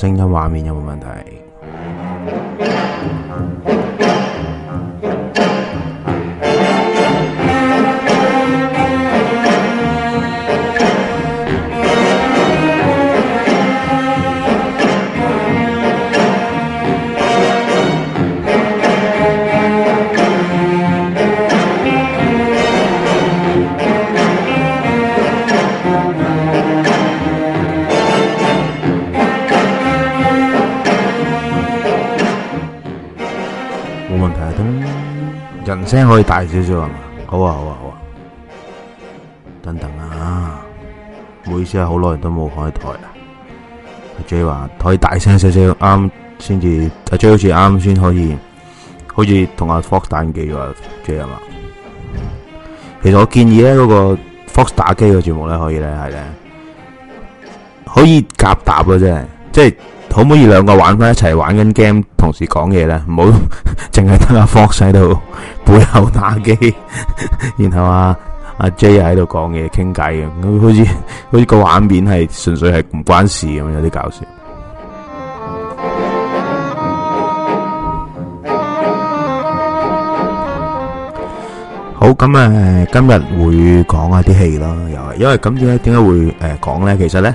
聲音、畫面有聲可以大少少啊嘛？好啊，好啊，好啊，好啊！等等啊，唔好意思啊，好耐都冇開台了啊。阿 J 話可以大聲少少，啱先至，阿 J 好似啱先可以，好似同阿 Fox 打機話 J 啊嘛？其實我建議咧，嗰個 Fox 打機嘅節目咧，可以咧係咧，可以夾搭嘅啫，即係可唔可以兩個玩翻一齊玩緊 game，同時講嘢咧，唔好淨係得阿 Fox 喺度。背後打機，然後啊阿 J 喺度講嘢傾偈嘅，佢好似好似個畫面係純粹係唔關事咁樣，有啲搞笑。好咁啊，今日會講下啲戲咯，又係因為咁點解點解會誒講咧？其實咧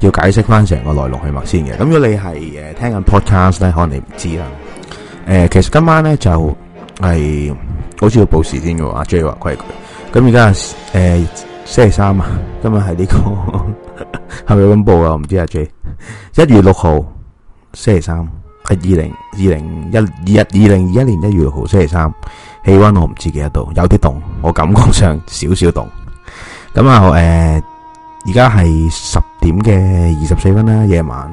要解釋翻成個來龍去脈先嘅。咁如果你係誒聽緊 podcast 咧，可能你唔知啦。誒，其實今晚咧就係。好似要報時先嘅喎，阿 J 話規矩。咁而家誒，星期三啊，今日係呢個係咪有咁報啊？我唔知阿 J。一月六號星期三係二零二零一二一二零二一年一月六號星期三，氣溫我唔知幾多度，有啲凍，我感覺上少少凍。咁啊誒，而家係十點嘅二十四分啦，夜晚。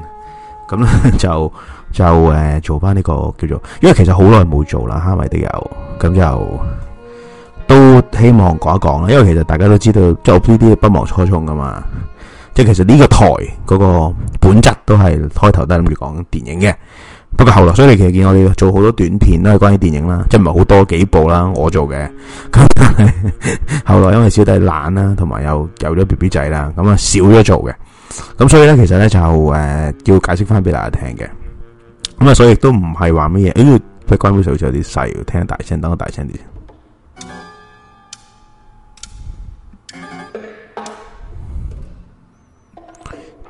咁咧就就誒做翻呢個叫做，因為其實好耐冇做啦，蝦米的油。咁就都希望講一講啦，因為其實大家都知道，即係 B B 不忘初衷噶嘛。即係其實呢個台嗰個本質都係開頭都係諗住講電影嘅。不過後來，所以你其實見我哋做好多短片啦，關於電影啦，即係唔係好多幾部啦，我做嘅。咁但係後來因為小弟懶啦，同埋又有咗 B B 仔啦，咁啊少咗做嘅。咁所以咧，其實咧就誒叫、呃、解釋翻俾大家聽嘅。咁啊，所以亦都唔係話乜嘢。別關閉手有啲細，要聽大聲，等我大聲啲。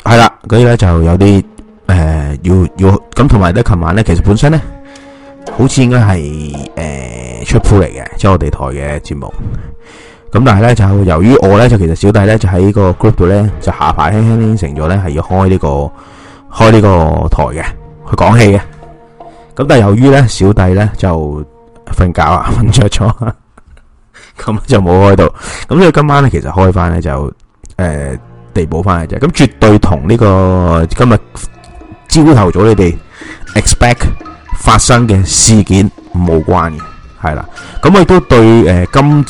係啦，啲咧就有啲誒、呃，要要咁同埋咧，琴晚咧，其實本身咧，好似應該係誒出鋪嚟嘅，即係我哋台嘅節目。咁但係咧，就由於我咧，就其實小弟咧，就喺個 group 度咧，就下排輕輕應承咗咧，係要開呢個開呢個台嘅，去講戲嘅。咁但係由於咧，小弟咧，就瞓覺啊，瞓着咗，咁就冇開到。咁所以今晚咧，其實開翻咧，就誒地補翻嘅啫。咁絕對同呢個今日朝頭早你哋 expect 發生嘅事件冇關嘅，係啦。咁我亦都對誒今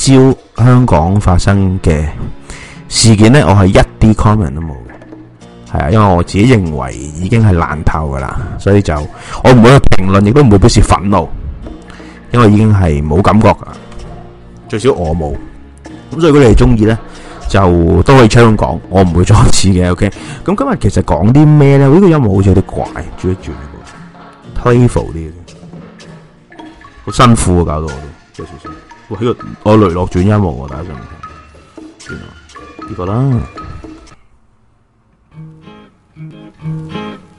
朝香港發生嘅事件咧，我係一啲 comment 都冇。係啊，因為我自己認為已經係爛透噶啦，所以就我唔會去評論，亦都唔會表示憤怒，因為已經係冇感覺噶。最少我冇。咁所以如果你哋中意咧，就都可以出聲講，我唔會再次嘅。OK。咁今日其實講啲咩咧？呢個音樂好似有啲怪，轉一轉啊，playful 啲，好辛苦啊，搞到我都。喂！呢個我雷諾轉音樂啊，大家上邊。呢個啦。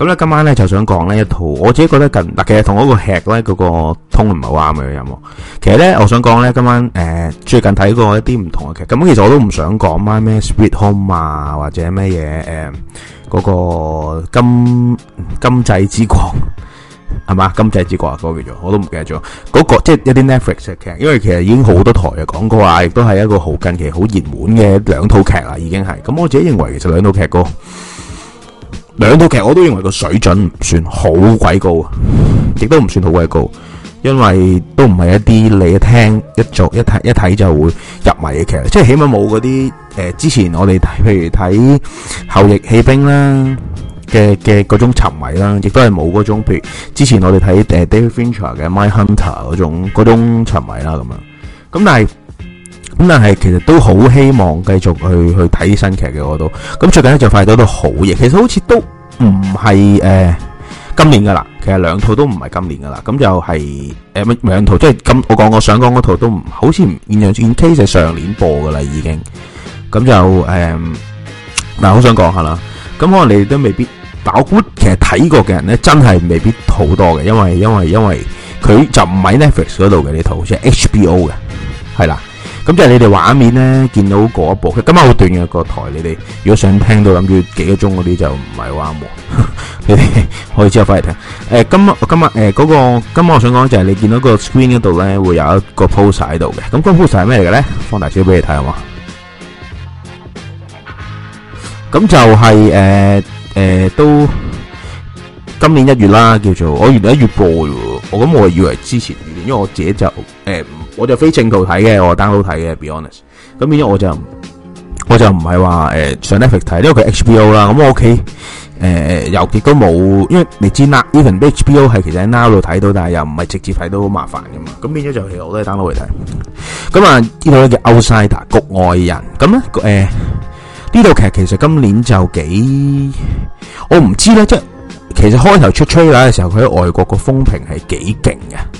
咁咧今晚咧就想講呢一套，我自己覺得近嗱，其實同嗰個劇咧嗰個通唔係好啱嘅有冇？其實咧我想講咧今晚誒、呃、最近睇過一啲唔同嘅劇，咁其實我都唔想講咩 Sweet Home 啊或者咩嘢誒嗰個今今際之國係嘛？今際之國嗰個叫做，我都唔記得咗。嗰、那個即係、就是、一啲 Netflix 嘅劇，因為其實已經好多台啊講過啊，亦都係一個好近期好熱門嘅兩套劇啦，已經係。咁我自己認為其實兩套劇個。兩套劇我都認為個水準唔算好鬼高，亦都唔算好鬼高，因為都唔係一啲你一聽一做一睇一睇就會入迷嘅劇，即係起碼冇嗰啲誒，之前我哋睇譬如睇後翼棄兵啦嘅嘅嗰種沉迷啦，亦都係冇嗰種，譬如之前我哋睇誒 David Fincher 嘅 Mind Hunter 嗰種嗰種沉迷啦咁樣咁但係。咁但係其實都好希望繼續去去睇新劇嘅我都咁最近咧就發現到好嘢，其實好似都唔係誒今年噶啦，其實兩套都唔係今年噶啦，咁就係、是、誒、呃、兩套，即係咁我講我想講嗰套都唔好似《現象現 K》就上年播噶啦，已經咁就誒、呃，嗱好想講下啦，咁可能你都未必，但我估其實睇過嘅人咧，真係未必好多嘅，因為因為因為佢就唔喺 Netflix 嗰度嘅呢套，即、就、係、是、H B O 嘅係啦。咁即係你哋畫面咧，見到嗰一部，佢今晚好短嘅個台。你哋如果想聽到諗住幾個鐘嗰啲，就唔係啱喎。你哋可以之後翻嚟聽。誒，今日今日誒，嗰個今晚我想講就係你見到個 screen 嗰度咧，會有一個 poster 喺度嘅。咁個 poster 係咩嚟嘅咧？放大少俾你睇下嘛。咁就係誒誒，都今年一月啦，叫做我原來一月播嘅。我咁我以為之前年，因為我自己就誒。我就非正途睇嘅，我 download 睇嘅。Be honest，咁變咗我就我就唔係話誒上 Netflix 睇，因為佢 HBO 啦。咁我屋企誒尤其都冇，因為你知啦，even HBO 係其實喺 now 度睇到，但係又唔係直接睇到好麻煩噶嘛。咁變咗就其實我都係 download 嚟睇。咁啊呢套叫《Outsider》局外人，咁咧誒呢套劇其實今年就幾我唔知咧，即係其實開頭出吹奶嘅時候，佢喺外國個風評係幾勁嘅。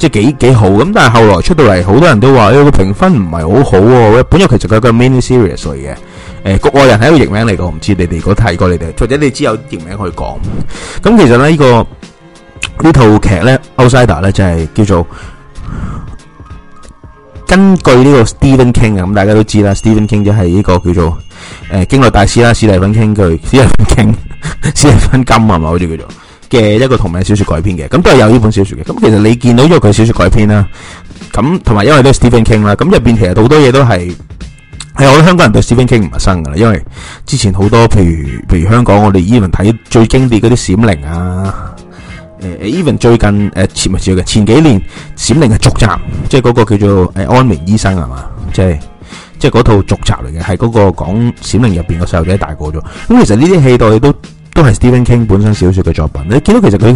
即係幾幾好咁，但係後來出到嚟，好多人都話：，誒，個評分唔係好好喎。本來其實佢係個 mini series 嚟嘅，誒，局外人係一個譯名嚟噶，我唔知你哋如果睇過你哋，或者你知有譯名可以講。咁其實咧，呢個呢套劇咧，《Outsider》咧就係叫做根據呢個 Stephen King 啊，咁大家都知啦，Stephen King 就係呢個叫做誒驚悚大師啦，史蒂芬 King 佢，史蒂芬 King，史蒂芬金係咪，好似叫做。嘅一個同名小說改編嘅，咁都係有呢本小說嘅。咁其實你見到，因為佢小說改編啦，咁同埋因為咧 Stephen King 啦，咁入邊其實好多嘢都係，係我覺得香港人對 Stephen King 唔陌生噶啦。因為之前好多譬如譬如，香港我哋 even 睇最經典嗰啲《閃靈》啊，誒 even 最近誒，唔係最近嘅，前幾年《閃靈》嘅續集，即係嗰個叫做誒《安眠醫生》係嘛，即係即係嗰套續集嚟嘅，係嗰個講《閃靈》入邊嘅細路仔大個咗。咁其實呢啲戲代都。都係 Stephen King 本身小說嘅作品。你見到其實佢，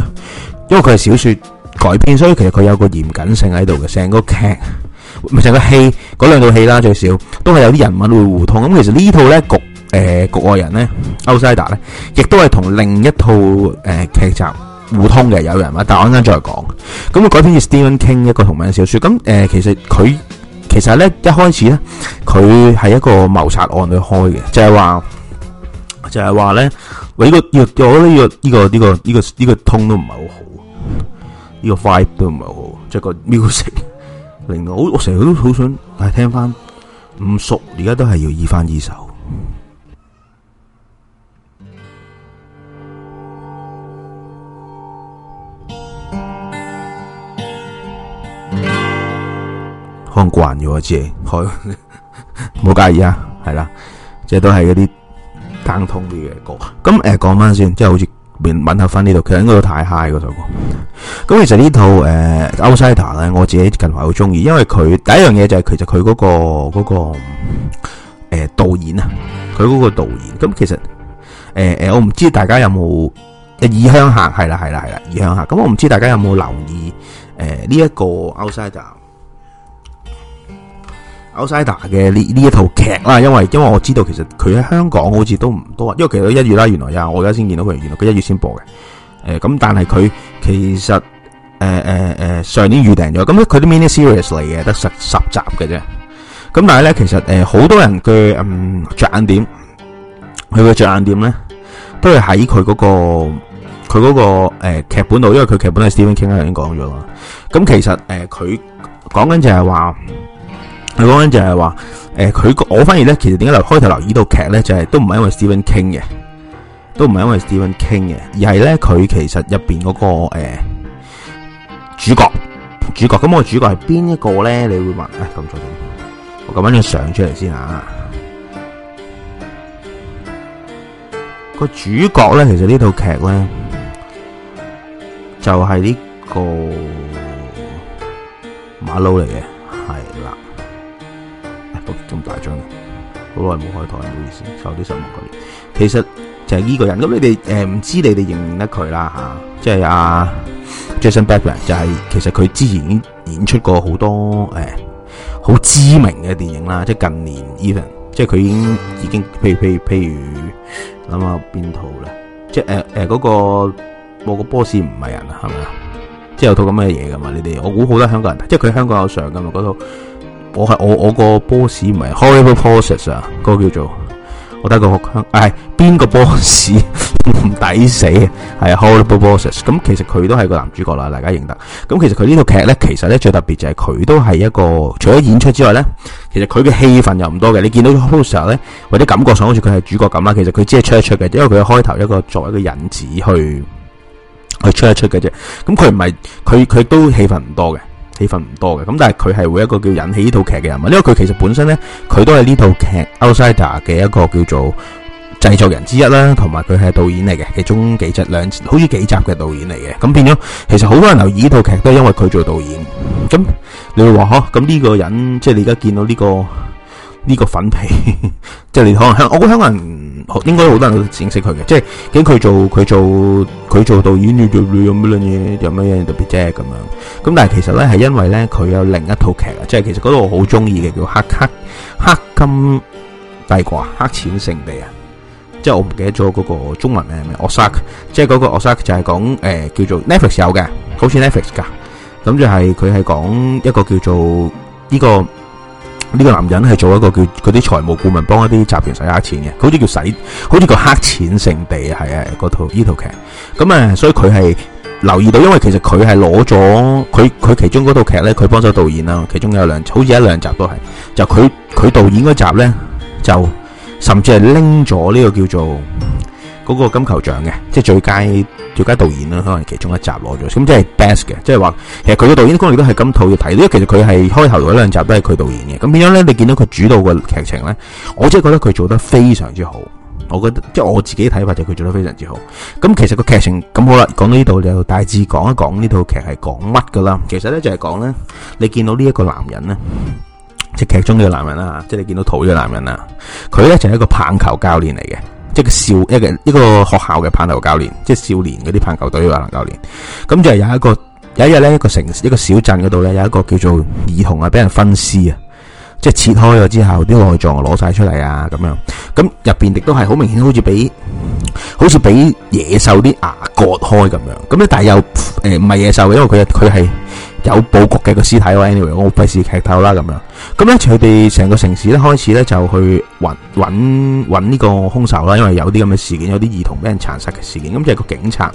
因為佢係小說改編，所以其實佢有個嚴謹性喺度嘅。成個劇唔係成個戲，嗰兩套戲啦，最少都係有啲人物會互通。咁其實呢套咧，局誒局外人咧，Outsider 咧，亦都係同另一套誒劇集互通嘅。有人物，但我陣間再講咁。佢改編自 Stephen King 一個同名嘅小說，咁誒，其實佢其實咧一開始咧，佢係一個謀殺案去開嘅，就係話就係話咧。喂呢個要我呢個呢個呢個呢個呢個通都唔係好好，呢個 vibe 都唔係好，即係個 music。令到，我我成日都好想，但係聽翻唔熟，而家都係要依翻依首。看慣咗啫，好，唔好介意啊，係啦，即係都係嗰啲。溝通啲嘅歌，咁誒講翻先，即係好似問下翻呢度，其實應該都太 high 嗰首歌。咁其實呢套誒《Outsider》咧，我自己近排好中意，因為佢第一樣嘢就係其實佢嗰、個嗰、個誒、呃、導演啊，佢嗰個導演。咁其實誒誒、呃，我唔知大家有冇誒異鄉客，係啦係啦係啦異鄉客。咁我唔知大家有冇留意誒呢一個 Outsider。《The Outsider》嘅呢呢一套劇啦，因為因為我知道其實佢喺香港好似都唔多，因為其實一月啦，原來呀，我而家先見到佢，原來佢一月先播嘅。誒、呃，咁但係佢其實誒誒誒上年預訂咗，咁佢啲 miniseries 嚟嘅，得十十集嘅啫。咁但係咧，其實誒好、呃、多人嘅嗯着眼點，佢嘅着眼點咧，都係喺佢嗰個佢嗰、那個誒劇、呃、本度，因為佢劇本係 Stephen King 啦已經講咗啦。咁其實誒佢講緊就係話。呃佢講緊就係、是、話，誒、呃，佢我反而咧，其實點解留開頭留意呢套劇咧，就係、是、都唔係因為 Stephen King 嘅，都唔係因為 Stephen King 嘅，而係咧佢其實入邊嗰個誒主角主角，咁我主角係邊一個咧？你會問啊咁再點？我咁搵張上出嚟先啊！那個主角咧，其實這套劇呢套劇咧就係、是、呢、這個馬騮嚟嘅，係啦。咁大張嘅，好耐冇開台，唔好意思，受啲失望佢。其實就係呢個人，咁你哋誒唔知你哋認唔認得佢啦吓，即係啊 Jason Bateman，就係、是、其實佢之前已經演出過好多誒好、欸、知名嘅電影啦，即係近年 even，即係佢已經已經，譬譬譬如諗下邊套咧，即係誒誒嗰個我個波士唔係人啊，係咪啊？即係有套咁嘅嘢噶嘛，你哋，我估好多香港人，即係佢香港有上噶嘛嗰套。我係我我個 boss 唔係 Horrible Bosses 啊，嗰個叫做我得個香，係、哎、邊個 oss, boss 唔抵死啊？係 Horrible Bosses，咁其實佢都係個男主角啦，大家認得。咁其實佢呢套劇咧，其實咧最特別就係佢都係一個除咗演出之外咧，其實佢嘅戲份又唔多嘅。你見到佢 poster 咧，或者感覺上好似佢係主角咁啦，其實佢只係出一出嘅，因為佢開頭一個作為一個引子去去出一出嘅啫。咁佢唔係，佢佢都戲份唔多嘅。氣氛唔多嘅，咁但係佢係會一個叫引起呢套劇嘅人物，因為佢其實本身咧，佢都係呢套劇《Outsider》嘅一個叫做製作人之一啦，同埋佢係導演嚟嘅，其中幾集兩好似幾集嘅導演嚟嘅，咁變咗其實好多人留意呢套劇都係因為佢做導演。咁你會話嗬，咁、啊、呢個人即係你而家見到呢、這個呢、這個粉皮，呵呵即係你可能香，我好香港人。應該好多人都認識佢嘅，即係竟佢做佢做佢做導演，又做乜嘢，有乜嘢特別啫，咁樣。咁但係其實咧，係因為咧佢有另一套劇，即係其實嗰度我好中意嘅，叫黑黑黑金帝國、黑錢聖地啊。即係我唔記得咗嗰個中文名係咩 Ozark 即係嗰、嗰個 Ozark 就係講誒叫做 Netflix 有嘅，好似 Netflix 噶。咁就係佢係講一個叫做呢個。呢個男人係做一個叫佢啲財務顧問，幫一啲集團洗黑錢嘅，好似叫洗，好似叫黑錢勝地啊，係啊，嗰套呢套劇。咁啊，所以佢係留意到，因為其實佢係攞咗佢佢其中嗰套劇咧，佢幫手導演啦，其中有兩，好似一兩集都係，就佢佢導演嗰集咧，就甚至係拎咗呢個叫做。嗰個金球獎嘅，即係最佳最佳導演啦，可能其中一集攞咗，咁即係 best 嘅，即係話其實佢嘅導演功力都係咁套要睇，因為其實佢係開頭嗰兩集都係佢導演嘅。咁變咗咧？你見到佢主導嘅劇情咧，我即係覺得佢做得非常之好。我覺得即係我自己睇法就佢做得非常之好。咁其實個劇情咁好啦，講到呢度就大致講一講呢套劇係講乜噶啦。其實咧就係、是、講咧，你見到呢一個男人咧、就是，即係劇中嘅男人啦，即係你見到土嘅男人啦，佢咧就係、是、一個棒球教練嚟嘅。即係少一個一個學校嘅棒球教練，即係少年嗰啲棒球隊嘅籃球教練。咁就係有一個有一日咧，一個城、一個小鎮嗰度呢，有一個叫做兒童啊，俾人分屍啊，即係切開咗之後，啲內臟攞晒出嚟啊，咁樣。咁入邊亦都係好明顯，好似俾好似俾野獸啲牙割開咁樣。咁咧，但係又誒唔係野獸嘅，因為佢佢係。有布局嘅個屍體，Anyway，我費事劇透啦咁樣。咁咧，佢哋成個城市咧開始咧就去搵搵搵呢個凶手啦，因為有啲咁嘅事件，有啲兒童俾人殘殺嘅事件。咁就係個警察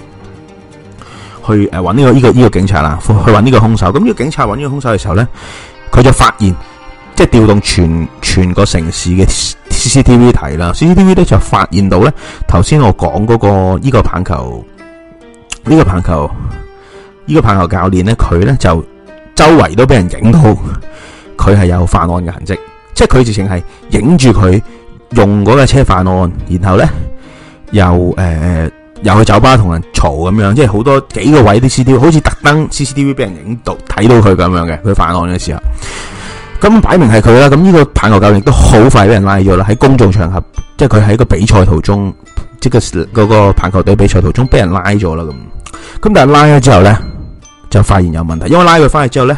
去誒搵呢、呃呢個呢、呢個呢、呢個警察啦，去搵呢個凶手。咁呢個警察搵呢個凶手嘅時候咧，佢就發現即係調動全全個城市嘅 CCTV 睇啦，CCTV 咧就發現到咧頭先我講嗰、嗰個呢個棒球呢個棒球。呢個棒球呢個棒球教練咧，佢咧就周圍都俾人影到，佢係有犯案嘅痕迹，即係佢直情係影住佢用嗰架車犯案，然後咧又誒、呃、又去酒吧同人嘈咁樣，即係好多幾個位啲 C T V，好似特登 C C T V 俾人影到睇到佢咁樣嘅，佢犯案嘅時候，咁擺明係佢啦。咁呢個棒球教練都好快俾人拉咗啦，喺公眾場合，即係佢喺個比賽途中，即係嗰個棒球隊比賽途中，俾人拉咗啦咁。咁但係拉咗之後咧。就發現有問題，因為拉佢翻去之後呢，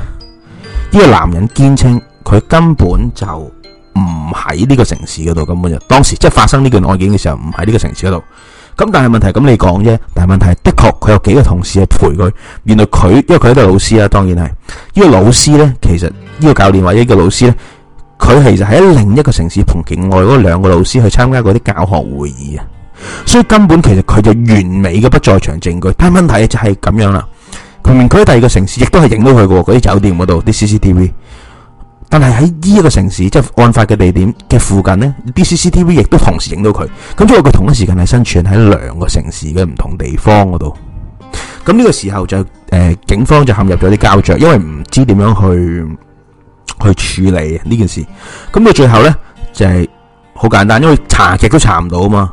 呢個男人堅稱佢根本就唔喺呢個城市嗰度，根本就當時即係發生呢件案件嘅時候唔喺呢個城市嗰度。咁但係問題，咁你講啫，但係問題的確佢有幾個同事去陪佢。原來佢因為佢都係老師啊，當然係呢個老師呢，其實呢個教練或者呢個老師呢，佢其實喺另一個城市同境外嗰兩個老師去參加嗰啲教學會議啊，所以根本其實佢就完美嘅不在場證據。但係問題就係咁樣啦。佢喺第二個城市亦都係影到佢嘅，嗰啲酒店嗰度啲 CCTV。但係喺呢一個城市，即係案發嘅地點嘅附近咧，啲 CCTV 亦都同時影到佢。咁所以佢同一時間係生存喺兩個城市嘅唔同地方嗰度。咁呢個時候就，誒，警方就陷入咗啲膠着，因為唔知點樣去去處理呢件事。咁到最後咧，就係好簡單，因為查極都查唔到嘛。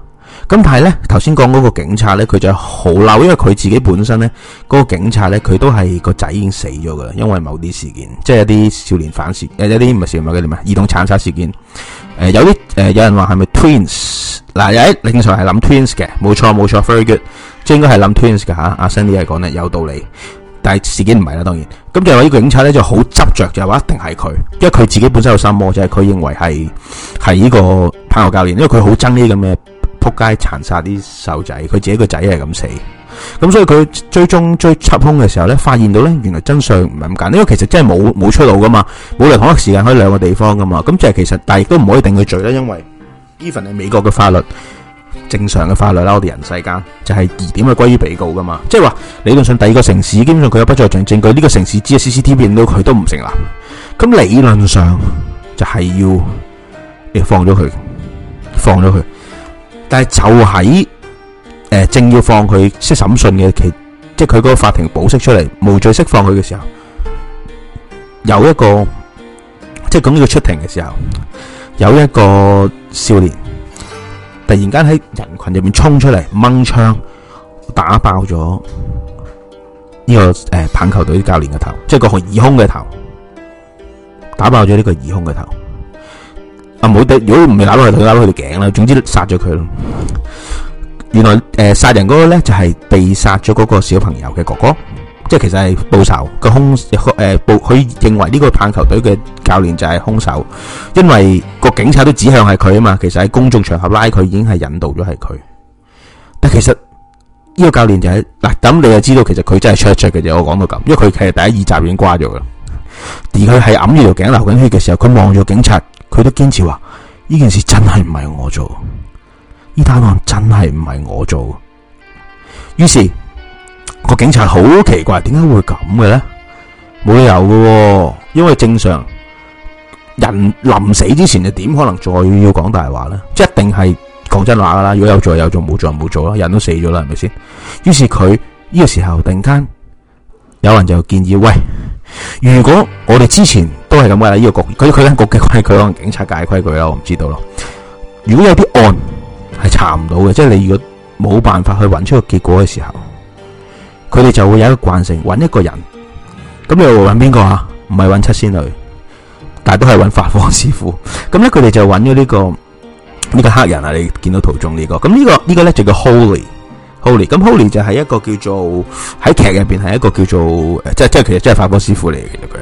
咁但係咧，頭先講嗰個警察咧，佢就係好嬲，因為佢自己本身咧，嗰、那個警察咧，佢都係個仔已經死咗噶啦。因為某啲事件，即係一啲少年反事，誒，一啲唔係少年反事，唔係啲咩啊？兒童慘殺事件誒，有啲誒，有人話係咪 twins 嗱，啊？有啲另外係諗 twins 嘅，冇錯冇錯，very good，即係應該係諗 twins 噶吓。阿、啊、Sandy 係講得有道理，但係事件唔係啦，當然咁就話呢個警察咧就好執着，就話、就是、一定係佢，因為佢自己本身有心魔，就係、是、佢認為係係呢個棒球教練，因為佢好憎呢啲咁嘅。撲街殘殺啲細仔，佢自己個仔係咁死，咁所以佢最終追緝凶嘅時候咧，發現到咧，原來真相唔係咁簡單，因為其實真係冇冇出路噶嘛，冇嚟同一時間喺兩個地方噶嘛，咁即係其實但係亦都唔可以定佢罪啦，因為 even 係美國嘅法律，正常嘅法律啦，我哋人世間就係、是、疑點係歸於被告噶嘛，即係話理論上第二個城市基本上佢有不在場證據，呢、這個城市只係 C C T V 見到佢都唔成立。咁理論上就係要放咗佢，放咗佢。但係就喺誒，正要放佢識審訊嘅其，即係佢個法庭保釋出嚟無罪釋放佢嘅時候，有一個即係講要出庭嘅時候，有一個少年突然間喺人群入面衝出嚟掹槍打爆咗呢個誒棒球隊教練嘅頭，即係個疑兇嘅頭，打爆咗呢個疑兇嘅頭。啊！冇得，如果唔係扭落去，扭落去條頸啦。總之殺咗佢咯。原來誒，殺人嗰個咧就係被殺咗嗰個小朋友嘅哥哥，即係其實係報仇個兇誒，報佢認為呢個棒球隊嘅教練就係兇手，因為個警察都指向係佢啊嘛。其實喺公眾場合拉佢，已經係引導咗係佢。但其實呢個教練就係嗱，咁你就知道其實佢真係出一出嘅啫。我講到咁，因為佢其實第一二集已經瓜咗啦。而佢係揞住條頸流緊血嘅時候，佢望住警察。佢都堅持話呢件事真係唔係我做，呢單案真係唔係我做。於是個警察好奇怪，點解會咁嘅咧？冇理由喎、哦！因為正常人臨死之前你點可能再要講大話咧？即一定係講真話噶啦。如果有做有做，冇做冇做啦，人都死咗啦，係咪先？於是佢呢個時候突然間有人就建議：喂，如果我哋之前都係咁噶啦，呢、這個局佢佢間，局嘅規矩可能警察界規矩咯，我唔知道咯。如果有啲案係查唔到嘅，即係你如果冇辦法去揾出個結果嘅時候，佢哋就會有一個慣性揾一個人。咁你會揾邊個啊？唔係揾七仙女，但係都係揾法科師傅。咁咧，佢哋就揾咗呢個呢、這個黑人啊！你見到圖中呢、這個。咁呢、這個呢、這個咧就叫 Holly，Holly。咁 Holly 就係一個叫做喺劇入邊係一個叫做即係即係其實即係法科師傅嚟嘅。其實佢。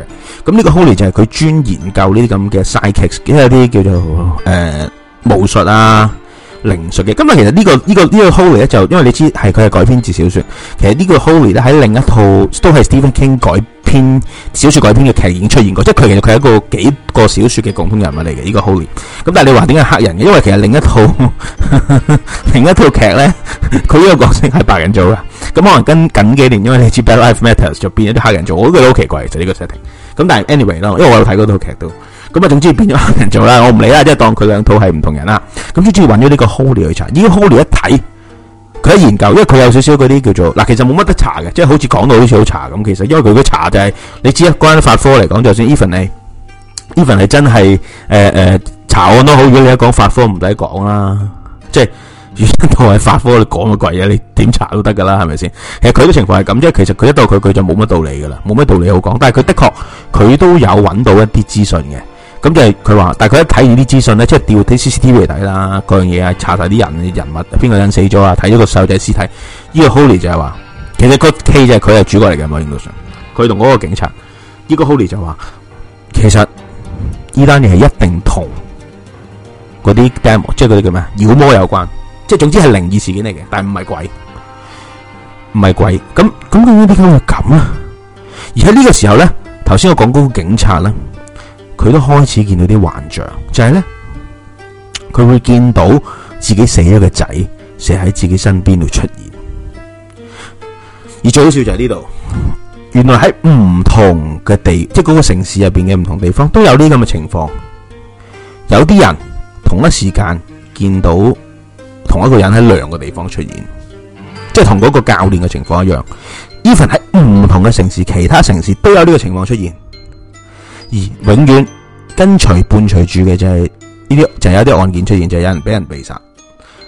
咁呢個 Holly 就係佢專研究呢啲咁嘅賽劇，即係有啲叫做誒巫術啊、靈術嘅。咁啊，其實呢個呢個呢個 Holly 咧，就因為你知係佢係改編自小說。其實呢個 Holly 咧喺另一套都係 Stephen King 改編小說改編嘅劇已經出現過，即係佢其實佢係一個幾個小說嘅共通人物嚟嘅呢個 Holly。咁但係你話點解黑人嘅？因為其實另一套另一套劇咧，佢呢個角色係白人做嘅。咁可能跟近幾年因為你知《Black Lives Matter》就變咗啲黑人做，我都覺得好奇怪就呢個 setting。咁但係 anyway 咯，因為我有睇嗰套劇都，咁啊總之變咗人做啦，我唔理啦，即係當佢兩套係唔同人啦。咁最主要揾咗呢個 Holly 去查，呢個 Holly 一睇，佢一研究，因為佢有少少嗰啲叫做嗱，其實冇乜得查嘅，即係好似講到好似好查咁，其實因為佢嘅查就係、是，你知一關於法科嚟講，就算 even 係，even 係真係誒誒查案都好，如果你一講法科唔使講啦，即係。我係 法科，你講個鬼嘢，你點查都得噶啦，係咪先？其實佢嘅情況係咁，即係其實佢一到佢，佢就冇乜道理噶啦，冇乜道理好講。但係佢的確佢都有揾到一啲資訊嘅，咁就係佢話。但係佢一睇完啲資訊咧，即係調睇 CCTV 睇啦，嗰樣嘢啊，查晒啲人人物邊個人死咗啊，睇咗個細仔屍體。呢、這個 Holly 就係話，其實個 K, K 就係佢係主角嚟嘅，嘛，可以咁佢同嗰個警察呢、這個 Holly 就話，其實呢單嘢係一定同嗰啲 Demon 即係嗰啲叫咩妖魔有關。即係，總之係靈異事件嚟嘅，但係唔係鬼，唔係鬼咁咁，佢點解會咁啊？而喺呢個時候咧，頭先我講嗰個警察咧，佢都開始見到啲幻象，就係咧佢會見到自己死咗個仔死喺自己身邊度出現。而最好笑就係呢度，原來喺唔同嘅地，即係嗰個城市入邊嘅唔同地方都有呢咁嘅情況。有啲人同一時間見到。同一個人喺兩個地方出現，即係同嗰個教練嘅情況一樣。Even 喺唔同嘅城市，其他城市都有呢個情況出現。而永遠跟隨伴隨住嘅就係呢啲，就係有啲案件出現，就係有人俾人被殺。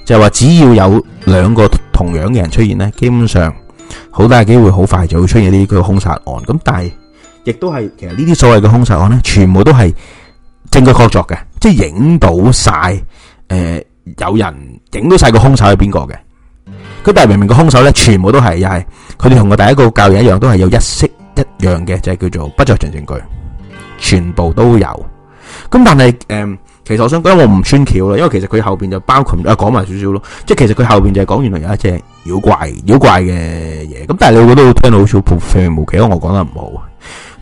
就係話，只要有兩個同樣嘅人出現呢，基本上好大機會好快就會出現呢啲兇殺案。咁但係亦都係其實呢啲所謂嘅兇殺案呢，全部都係證據確鑿嘅，即係影到曬誒有人影到晒個凶手係邊個嘅，咁但係明明個凶手咧，全部都係又係，佢哋同個第一個教人一樣，都係有一式一樣嘅，就係叫做不在場證據，全部都有。咁但係誒，其實我想講我唔穿橋啦，因為其實佢後邊就包括啊講埋少少咯，即係其實佢後邊就係講原來有一隻妖怪妖怪嘅嘢。咁但係你我都會聽到好少平平無奇，我講得唔好。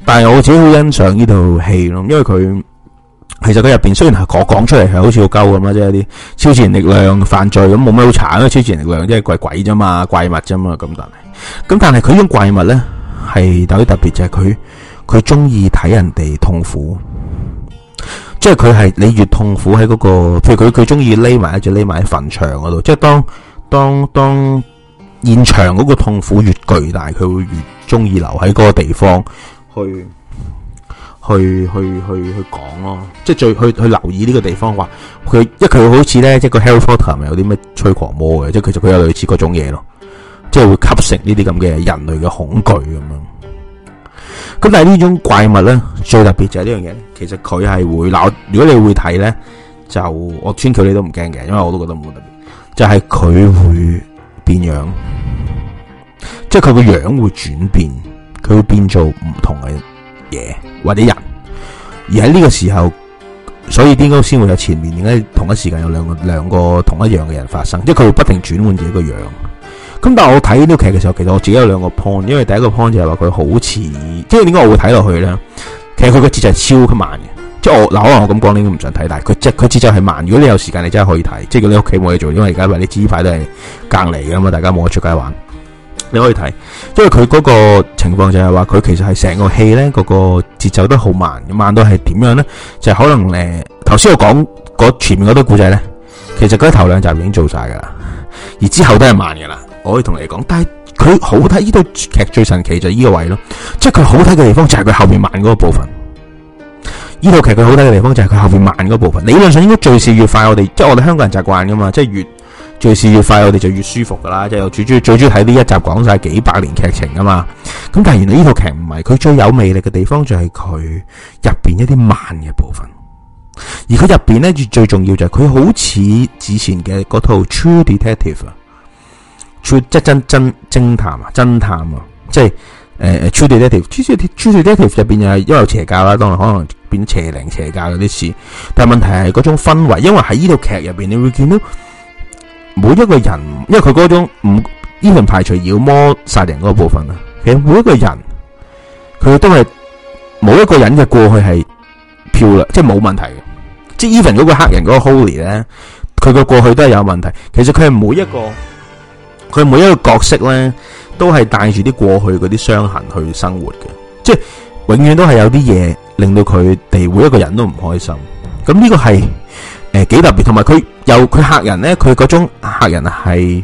但係我自己好欣賞呢套戲咯，因為佢。其實佢入邊雖然係講，講出嚟，係好似好鳩咁啦，即係啲超自然力量犯罪咁冇咩好慘啊，超自然力量即係鬼鬼啫嘛，怪物啫嘛，咁但係，咁但係佢種怪物咧，係特啲特別就係佢佢中意睇人哋痛苦，即係佢係你越痛苦喺嗰個，譬如佢佢中意匿埋一隻匿埋喺墳場嗰度，即係當當當現場嗰個痛苦越巨大，佢會越中意留喺嗰個地方去。去去去去講咯，即係最去去留意呢個地方話佢，因為佢好似咧，即係個 Harry Potter 咪有啲咩催狂魔嘅，即係其實佢有類似嗰種嘢咯，即係會吸食呢啲咁嘅人類嘅恐懼咁樣。咁但係呢種怪物咧最特別就係呢樣嘢，其實佢係會嗱、啊，如果你會睇咧，就我穿佢你都唔驚嘅，因為我都覺得冇特別，就係、是，佢會變樣，即係佢個樣會轉變，佢會變做唔同嘅。嘢、yeah, 或者人，而喺呢個時候，所以點解先會有前面點解同一時間有兩個兩個同一樣嘅人發生？即係佢會不停轉換自己個樣。咁但係我睇呢套劇嘅時候，其實我自己有兩個 point，因為第一個 point 就係話佢好似，即係點解我會睇落去咧？其實佢個節奏係超級慢嘅，即係我嗱，可能我咁講你都唔想睇，但係佢真係佢節奏係慢。如果你有時間，你真係可以睇，即係如果你屋企冇嘢做，因為而家話你呢排都係隔離㗎嘛，大家冇得出街玩。你可以睇，因為佢嗰個情況就係話佢其實係成個戲咧嗰、嗰個節奏都好慢，慢到係點樣咧？就係、可能誒，頭、呃、先我講嗰前面嗰堆古仔咧，其實佢喺頭兩集已經做晒噶啦，而之後都係慢噶啦。我可以同你講，但係佢好睇呢套劇最神奇就係呢個位咯，即係佢好睇嘅地方就係佢後邊慢嗰個部分。呢套劇佢好睇嘅地方就係佢後邊慢嗰部分。理論上應該最是越快我，我哋即係我哋香港人習慣噶嘛，即係越。最是要快，我哋就越舒服噶啦。即、就、係、是、最中最中意睇呢一集講晒幾百年劇情噶嘛。咁但係原來呢套劇唔係佢最有魅力嘅地方，就係佢入邊一啲慢嘅部分。而佢入邊咧最重要就係佢好似之前嘅嗰套 Tr《True Detective》啊，《True》真真偵探啊，偵探啊，即係誒，呃《True Detective》《True Detective》入邊又係因為有邪教啦，當然可能變邪靈邪教嗰啲事。但係問題係嗰種氛圍，因為喺呢套劇入邊你會見到。每一個人，因為佢嗰種唔 even 排除妖魔殺人嗰部分啦。其實每一個人佢都係冇一個人嘅過去係漂亮，即係冇問題嘅。即係 even 嗰個黑人嗰個 Holly 咧，佢嘅過去都係有問題。其實佢係每一個佢每一個角色咧，都係帶住啲過去嗰啲傷痕去生活嘅，即係永遠都係有啲嘢令到佢哋每一個人都唔開心。咁呢個係。誒，幾特別，同埋佢又佢嚇人咧，佢嗰種嚇人係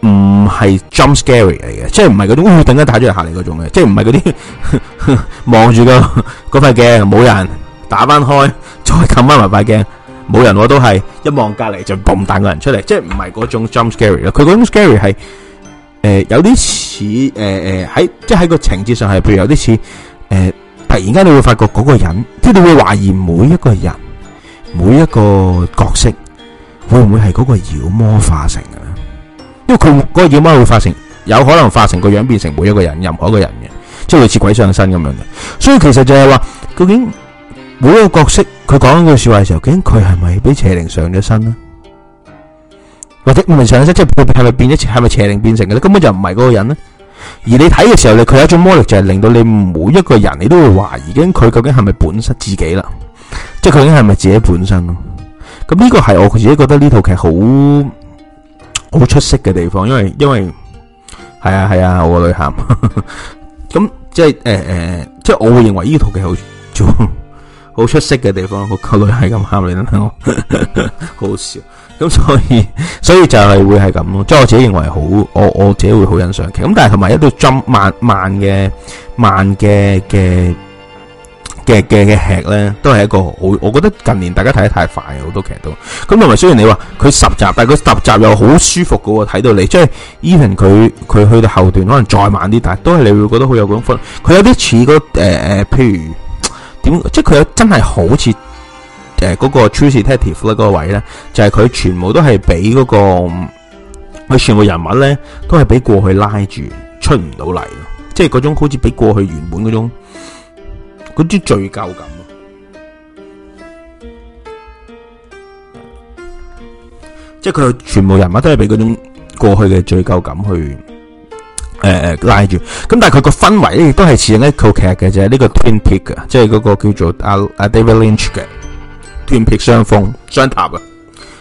唔係 jump scary 嚟嘅，即係唔係嗰種突然間睇咗入嚇你嗰種嘅，即係唔係嗰啲望住個嗰塊鏡冇人打翻開，再撳翻埋塊鏡冇人我都係一望隔籬就咁大個人出嚟，即係唔係嗰種 jump scary 咯，佢嗰種 scary 係誒有啲似誒誒喺即係喺個情節上係譬如有啲似誒突然間你會發覺嗰個人，即係你會懷疑每一個人。每一個角色會唔會係嗰個妖魔化成啊？因為佢嗰個妖魔會化成，有可能化成個樣變成每一個人，任何一個人嘅，即係類似鬼上身咁樣嘅。所以其實就係話，究竟每一個角色佢講緊個說話嘅時候，究竟佢係咪俾邪靈上咗身咧？或者唔係上咗身，即係係咪變咗邪？係咪邪靈變成嘅咧？根本就唔係嗰個人咧。而你睇嘅時候咧，佢有一種魔力，就係令到你每一個人，你都會懷疑緊佢究竟係咪本身自己啦。即係究竟係咪自己本身咯？咁呢個係我自己覺得呢套劇好好出色嘅地方，因為因為係啊係啊，我個女喊，咁即係誒誒，即係、呃、我會認為呢套劇好做，好出色嘅地方。個個女係咁喊你啦， 好笑。咁所以所以就係會係咁咯，即係我自己認為好，我我自己會好欣賞嘅。咁但係同埋一對慢慢嘅慢嘅嘅。嘅嘅嘅劇咧，都係一個好，我覺得近年大家睇得太快，好多劇都咁同埋。雖然你話佢十集，但係佢十集又好舒服嘅喎，睇到你即係 even 佢佢去到後段可能再慢啲，但係都係你會覺得好有嗰種分。佢有啲似嗰誒誒，譬、呃、如點，即係佢有真係好似誒嗰、呃那個 True Detective 咧嗰個位咧，就係、是、佢全部都係俾嗰個佢全部人物咧，都係俾過去拉住出唔到嚟，即係嗰種好似俾過去原本嗰種。好似啲罪疚感啊，即係佢全部人物都係俾嗰種過去嘅罪疚感去誒、呃、拉住，咁但係佢個氛圍亦都係似緊一套劇嘅，就係呢個 Twin Peaks 嘅，即係嗰個叫做阿阿 David Lynch 嘅 Twin Peaks 雙峰雙塔啊！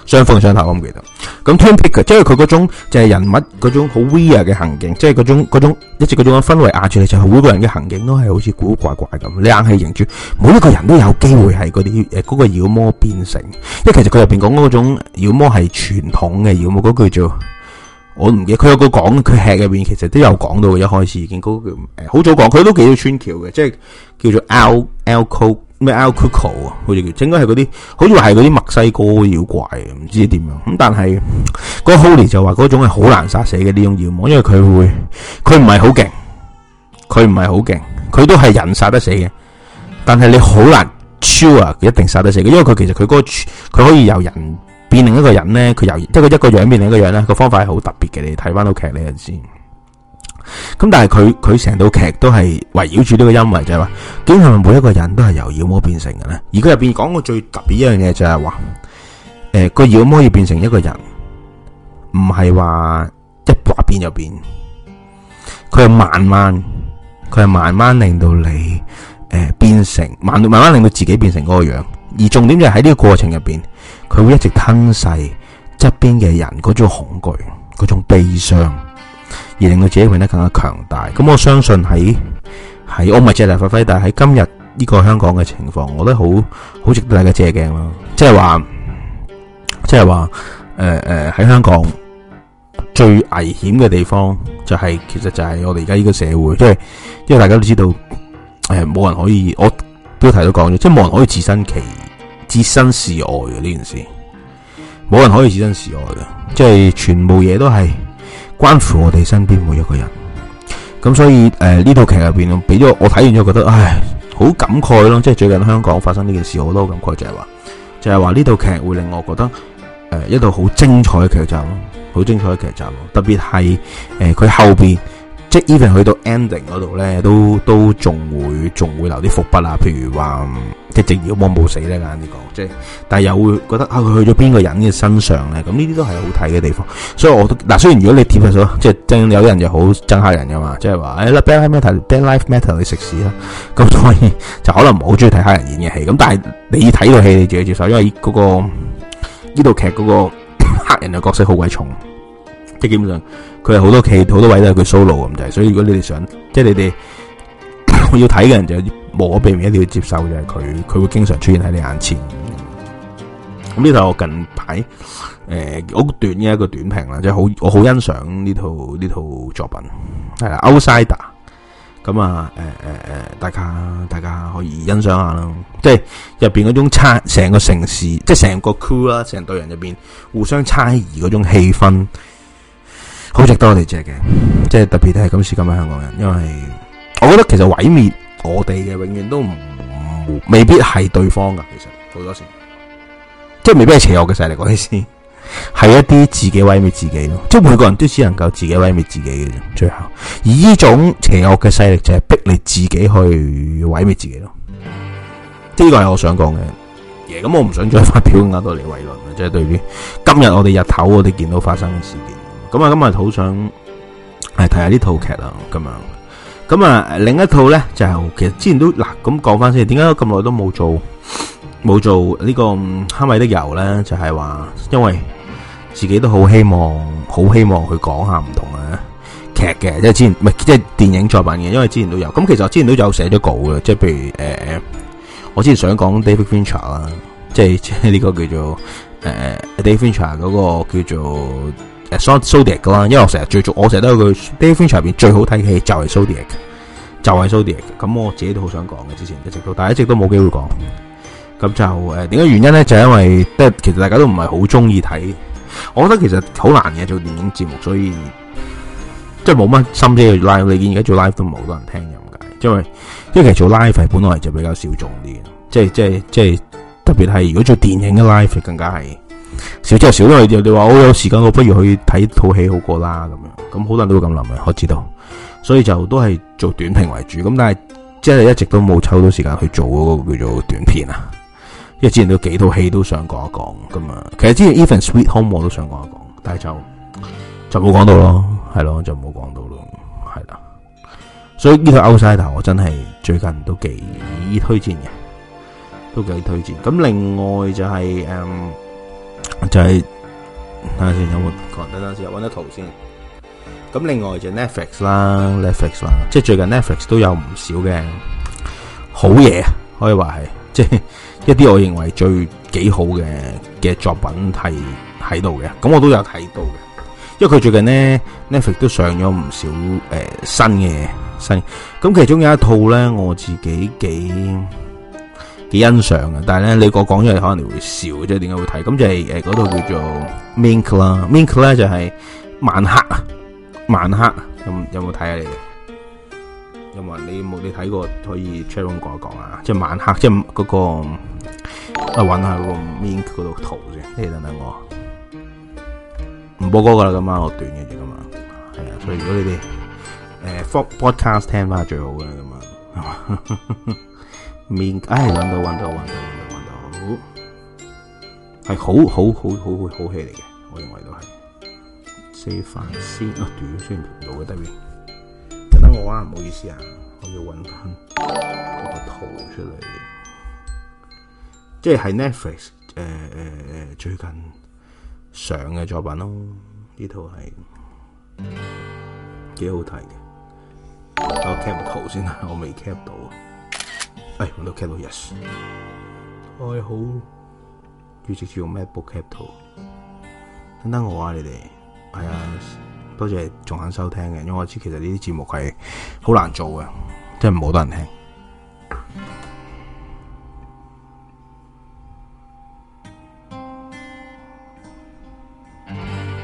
雙峰定雙頭我唔記得。咁 Twin Peaks 即係佢嗰種就係、是、人物嗰種好 weird 嘅行徑，即係嗰種嗰種一直嗰種氛圍壓住你，就是、每個人嘅行徑都係好似古怪怪咁。你硬係認住每一個人都有機會係嗰啲誒嗰個妖魔變成，因為其實佢入邊講嗰種妖魔係傳統嘅妖魔嗰句叫我唔記得，佢有個講佢劇入邊其實都有講到嘅，一開始已經嗰句誒好早講，佢都幾多穿橋嘅，即係叫做 El Cuco。咩 El Cuco 啊，好似叫應該係嗰啲，好似話係嗰啲墨西哥妖怪，唔知點樣咁。但係嗰、那個、Holly 就話嗰種係好難殺死嘅。呢種妖魔，因為佢會佢唔係好勁，佢唔係好勁，佢都係人殺得死嘅。但係你好難超啊，佢一定殺得死嘅，因為佢其實佢嗰、那個佢可以由人變另一個人咧，佢由一個、就是、一個樣變另一個樣咧，那個方法係好特別嘅。你睇翻套劇你就知。咁但係佢，佢成套劇都係圍繞住呢個陰霾，就係話究竟係咪每一個人都係由妖魔變成嘅咧？而佢入邊講過最特別一樣嘢就係話，誒、呃、個妖魔要變成一個人，唔係話一劃變就變，佢係慢慢，佢係慢慢令到你誒、呃、變成，慢慢令到自己變成嗰個樣。而重點就係喺呢個過程入邊，佢會一直吞噬側邊嘅人嗰種恐懼，嗰種悲傷。而令到自己變得更加強大，咁我相信喺喺歐美借力發揮，但係喺今日呢個香港嘅情況，我覺得好好值得大家借鏡咯。即係話，即係話，誒誒，喺香港最危險嘅地方就係，其實就係我哋而家呢個社會，即係因為大家都知道，誒，冇人可以，我標題都講咗，即係冇人可以置身其置身事外嘅呢件事，冇人可以置身事外嘅，即係全部嘢，都係。關乎我哋身邊每一個人，咁所以誒呢、呃、套劇入邊，俾咗我睇完之後覺得，唉，好感慨咯，即係最近香港發生呢件事，好多感慨就係話，就係話呢套劇會令我覺得，誒、呃，一套好精彩嘅劇集，好精彩嘅劇集，特別係誒佢後邊。即係 even 去到 ending 嗰度咧，都都仲會仲會留啲伏筆啊！譬如話一直妖王冇死咧，簡單啲講，即係但係又會覺得啊，佢去咗邊個人嘅身上咧？咁呢啲都係好睇嘅地方。所以我都嗱，雖然如果你接受，即係真有人就好憎黑人噶嘛，即係話誒，life matter，dead life matter，你食屎啦！咁所以就可能唔好中意睇黑人演嘅戲。咁但係你睇到戲，你自己接受，因為嗰個呢度劇嗰個黑人嘅角色好鬼重，即係基本上。佢係好多企，好多位置都係佢 solo 咁就係，所以如果你哋想，即、就、係、是、你哋 要睇嘅人就無可避免一定要接受嘅係佢，佢、就是、會經常出現喺你眼前。咁呢度我近排誒好短嘅一個短評啦，即係好我好欣賞呢套呢套作品係啦，Outsider。咁啊誒誒誒，大家大家可以欣賞下啦，即係入邊嗰種差，成個城市，即係成個 crew 啦，成隊人入邊互相猜疑嗰種氣氛。好值得我哋借嘅，即係特別都係今時今日香港人，因為我覺得其實毀滅我哋嘅永遠都唔未必係對方噶，其實好多時，即係未必係邪惡嘅勢力講起先，係一啲自己毀滅自己咯，即係每個人都只能夠自己毀滅自己嘅啫，最後而呢種邪惡嘅勢力就係逼你自己去毀滅自己咯，呢個係我想講嘅嘢，咁我唔想再發表咁多嘅偉論啦，即係對於今日我哋日頭我哋見到發生嘅事件。咁啊，咁啊，今日好想嚟睇下呢套劇啦。咁樣咁啊，另一套咧就其實之前都嗱咁講返先，點解咁耐都冇做冇做呢個蝦米的油咧？就係話因為自己都好希望好希望去講下唔同嘅劇嘅，即係之前唔係即係電影作品嘅，因為之前都有咁。其實之前都有寫咗稿嘅，即係譬如誒，我之前想講 David Fincher 啦，即係即係呢個叫做誒 David Fincher 嗰個叫做。誒，掃《Zodiac》噶啦，因為我成日最逐，我成日都佢 David Fincher 入邊最好睇嘅戲就係《Zodiac》，就係、是《Zodiac》。咁我自己都好想講嘅，之前一直到但係一直都冇機會講。咁就誒，點解原因咧？就是、因為即係其實大家都唔係好中意睇。我覺得其實好難嘅做電影節目，所以即係冇乜心思去 live。你見而家做 live 都唔好多人聽，咁解？因為因為其實做 live 係本來就比較少眾啲即係即係即係，特別係如果做電影嘅 live 更加係。少即係少，咗為你話我有時間，我不如去睇套戲好過啦咁樣，咁好多人都會咁諗嘅，我知道，所以就都係做短評為主，咁但係即係一直都冇抽到時間去做嗰，那個叫做短片啊，因為之前都幾套戲都想講一講噶嘛，其實之前 even sweet home 我都想講一講，但係就就冇講到咯，係咯，就冇講到咯，係啦，所以呢個 d e r 我真係最近都幾推薦嘅，都幾推薦，咁另外就係、是、誒。嗯就係睇下先有冇，等陣先，又搵啲圖先。咁另外就 Netflix 啦，Netflix 啦，Netflix 啦，即係最近 Netflix 都有唔少嘅好嘢，可以話係，即係一啲我認為最幾好嘅嘅作品係喺度嘅。咁我都有睇到嘅，因為佢最近呢 Netflix 都上咗唔少誒、呃、新嘅新。咁其中有一套咧，我自己幾。幾欣賞嘅，但係咧你我講出嚟可能會笑，即係點解會睇？咁就係誒嗰套叫做 Mank 啦，Mank 咧就係曼克，有有啊，曼克有有冇睇下你哋有冇你冇你睇過？可以 chatroom 講一講啊！即係曼克，即係嗰、嗰個啊，搵下嗰個 Mank 嗰度圖先。你等等我，唔播歌噶啦，今晚我短嘅啫，今晚係啊。所以如果你哋誒 podcast 聽翻係最好噶啦，今晚。 面，唉、哎，搵到搵到搵到搵到搵到，係好好好好好戲嚟嘅，我認為都係。四凡仙，啊，對，先老嘅得未？等我啊，唔好意思啊，我要搵翻個圖出嚟，即係 Netflix 誒、呃、誒誒、呃、最近上嘅作品咯，呢套係幾好睇嘅、嗯哦。我 cap 圖先啊，我未 cap 到啊。哎，我都 kept 到 yes。愛好，要食住個 macbook kept 到。等等我啊，你哋係啊，多謝仲肯收聽嘅，因為我知其實呢啲節目係好難做嘅，即係唔好多人聽。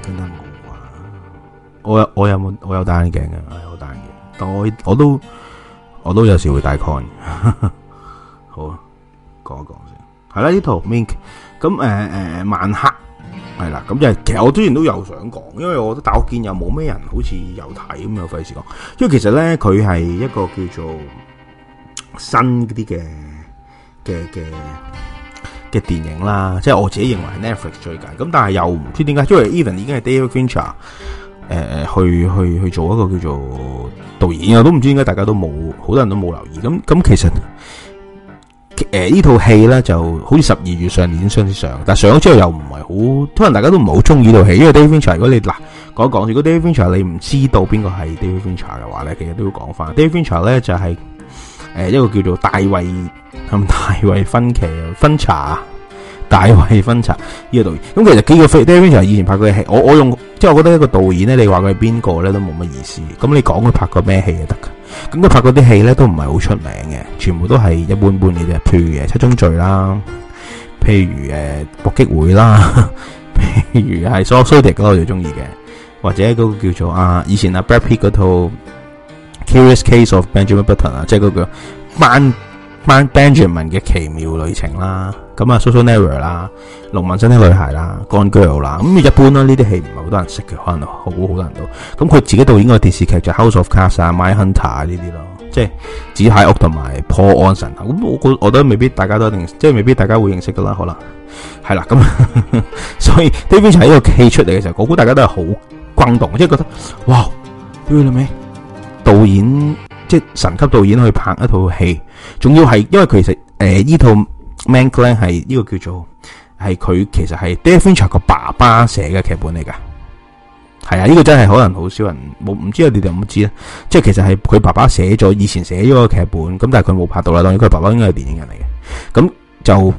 等等我啊！我有我有冇我有戴眼鏡嘅，係我戴眼鏡，但我我都我都有時會戴 con。好啊，講一講先，係啦呢套 Mank 咁誒誒晚黑係啦，咁、呃呃、就係、是、其實我之前都有想講，因為我覺得大我見又冇咩人好似有睇咁又費事講，因為其實咧佢係一個叫做新嗰啲嘅嘅嘅嘅電影啦，即係我自己認為係 Netflix 最近，咁但係又唔知點解，因為 Even 已經係 David Fincher 誒、呃、去去去做一個叫做導演，我都唔知點解大家都冇好多人都冇留意，咁咁其實。誒，呃、呢套戲呢就好似十二月上年先上，但上咗之後又唔係好，通常大家都唔好中意呢套戲，因為 David Fincher 如果你嗱講一講，如果 David Fincher 你唔知道邊個係 David Fincher 嘅話咧，其實都要講翻，David Fincher 咧就係、是、誒、呃、一個叫做大衛大衛分期分茶。大衞芬奇呢個導演，咁其實幾個飛呢邊就係以前拍過嘅戲。我我用即係我覺得一個導演咧，你話佢係邊個咧都冇乜意思。咁你講佢拍過咩戲就得噶？咁佢拍過啲戲咧都唔係好出名嘅，全部都係一般般嘅啫。譬如誒七宗罪啦，譬如誒搏擊會啦，譬如係 Zodiac 嗰個我最中意嘅，或者嗰個叫做啊以前啊 Brad Pitt 嗰套《Curious Case of Benjamin Button》啊，即係嗰個 Ben Ben Benjamin 嘅奇妙旅程啦。咁啊 Social Network 啦，龍紋身的女孩啦，Gone Girl 啦，咁一般啦。呢啲戲唔係好多人識嘅，可能好好多人都咁。佢自己導演嘅電視劇就 House of Cards 啊，Mindhunter 啊呢啲咯，即係紙牌屋同埋破案神。咁我我我覺得未必大家都一定即係未必大家會認識㗎啦，可能係啦。咁所以呢邊就喺呢個戲出嚟嘅時候，我估大家都係好轟動，即係覺得哇，v 啦咩導演即係神級導演去拍一套戲，仲要係因為佢其實誒呢套。Mank 係呢個叫做係佢其實係 David Fincher 嘅爸爸寫嘅劇本嚟噶，係啊呢個真係可能好少人冇唔知啊，你哋有冇知啊？即係其實係佢爸爸寫咗以前寫咗個劇本，咁但係佢冇拍到啦。當然佢爸爸應該係電影人嚟嘅，咁就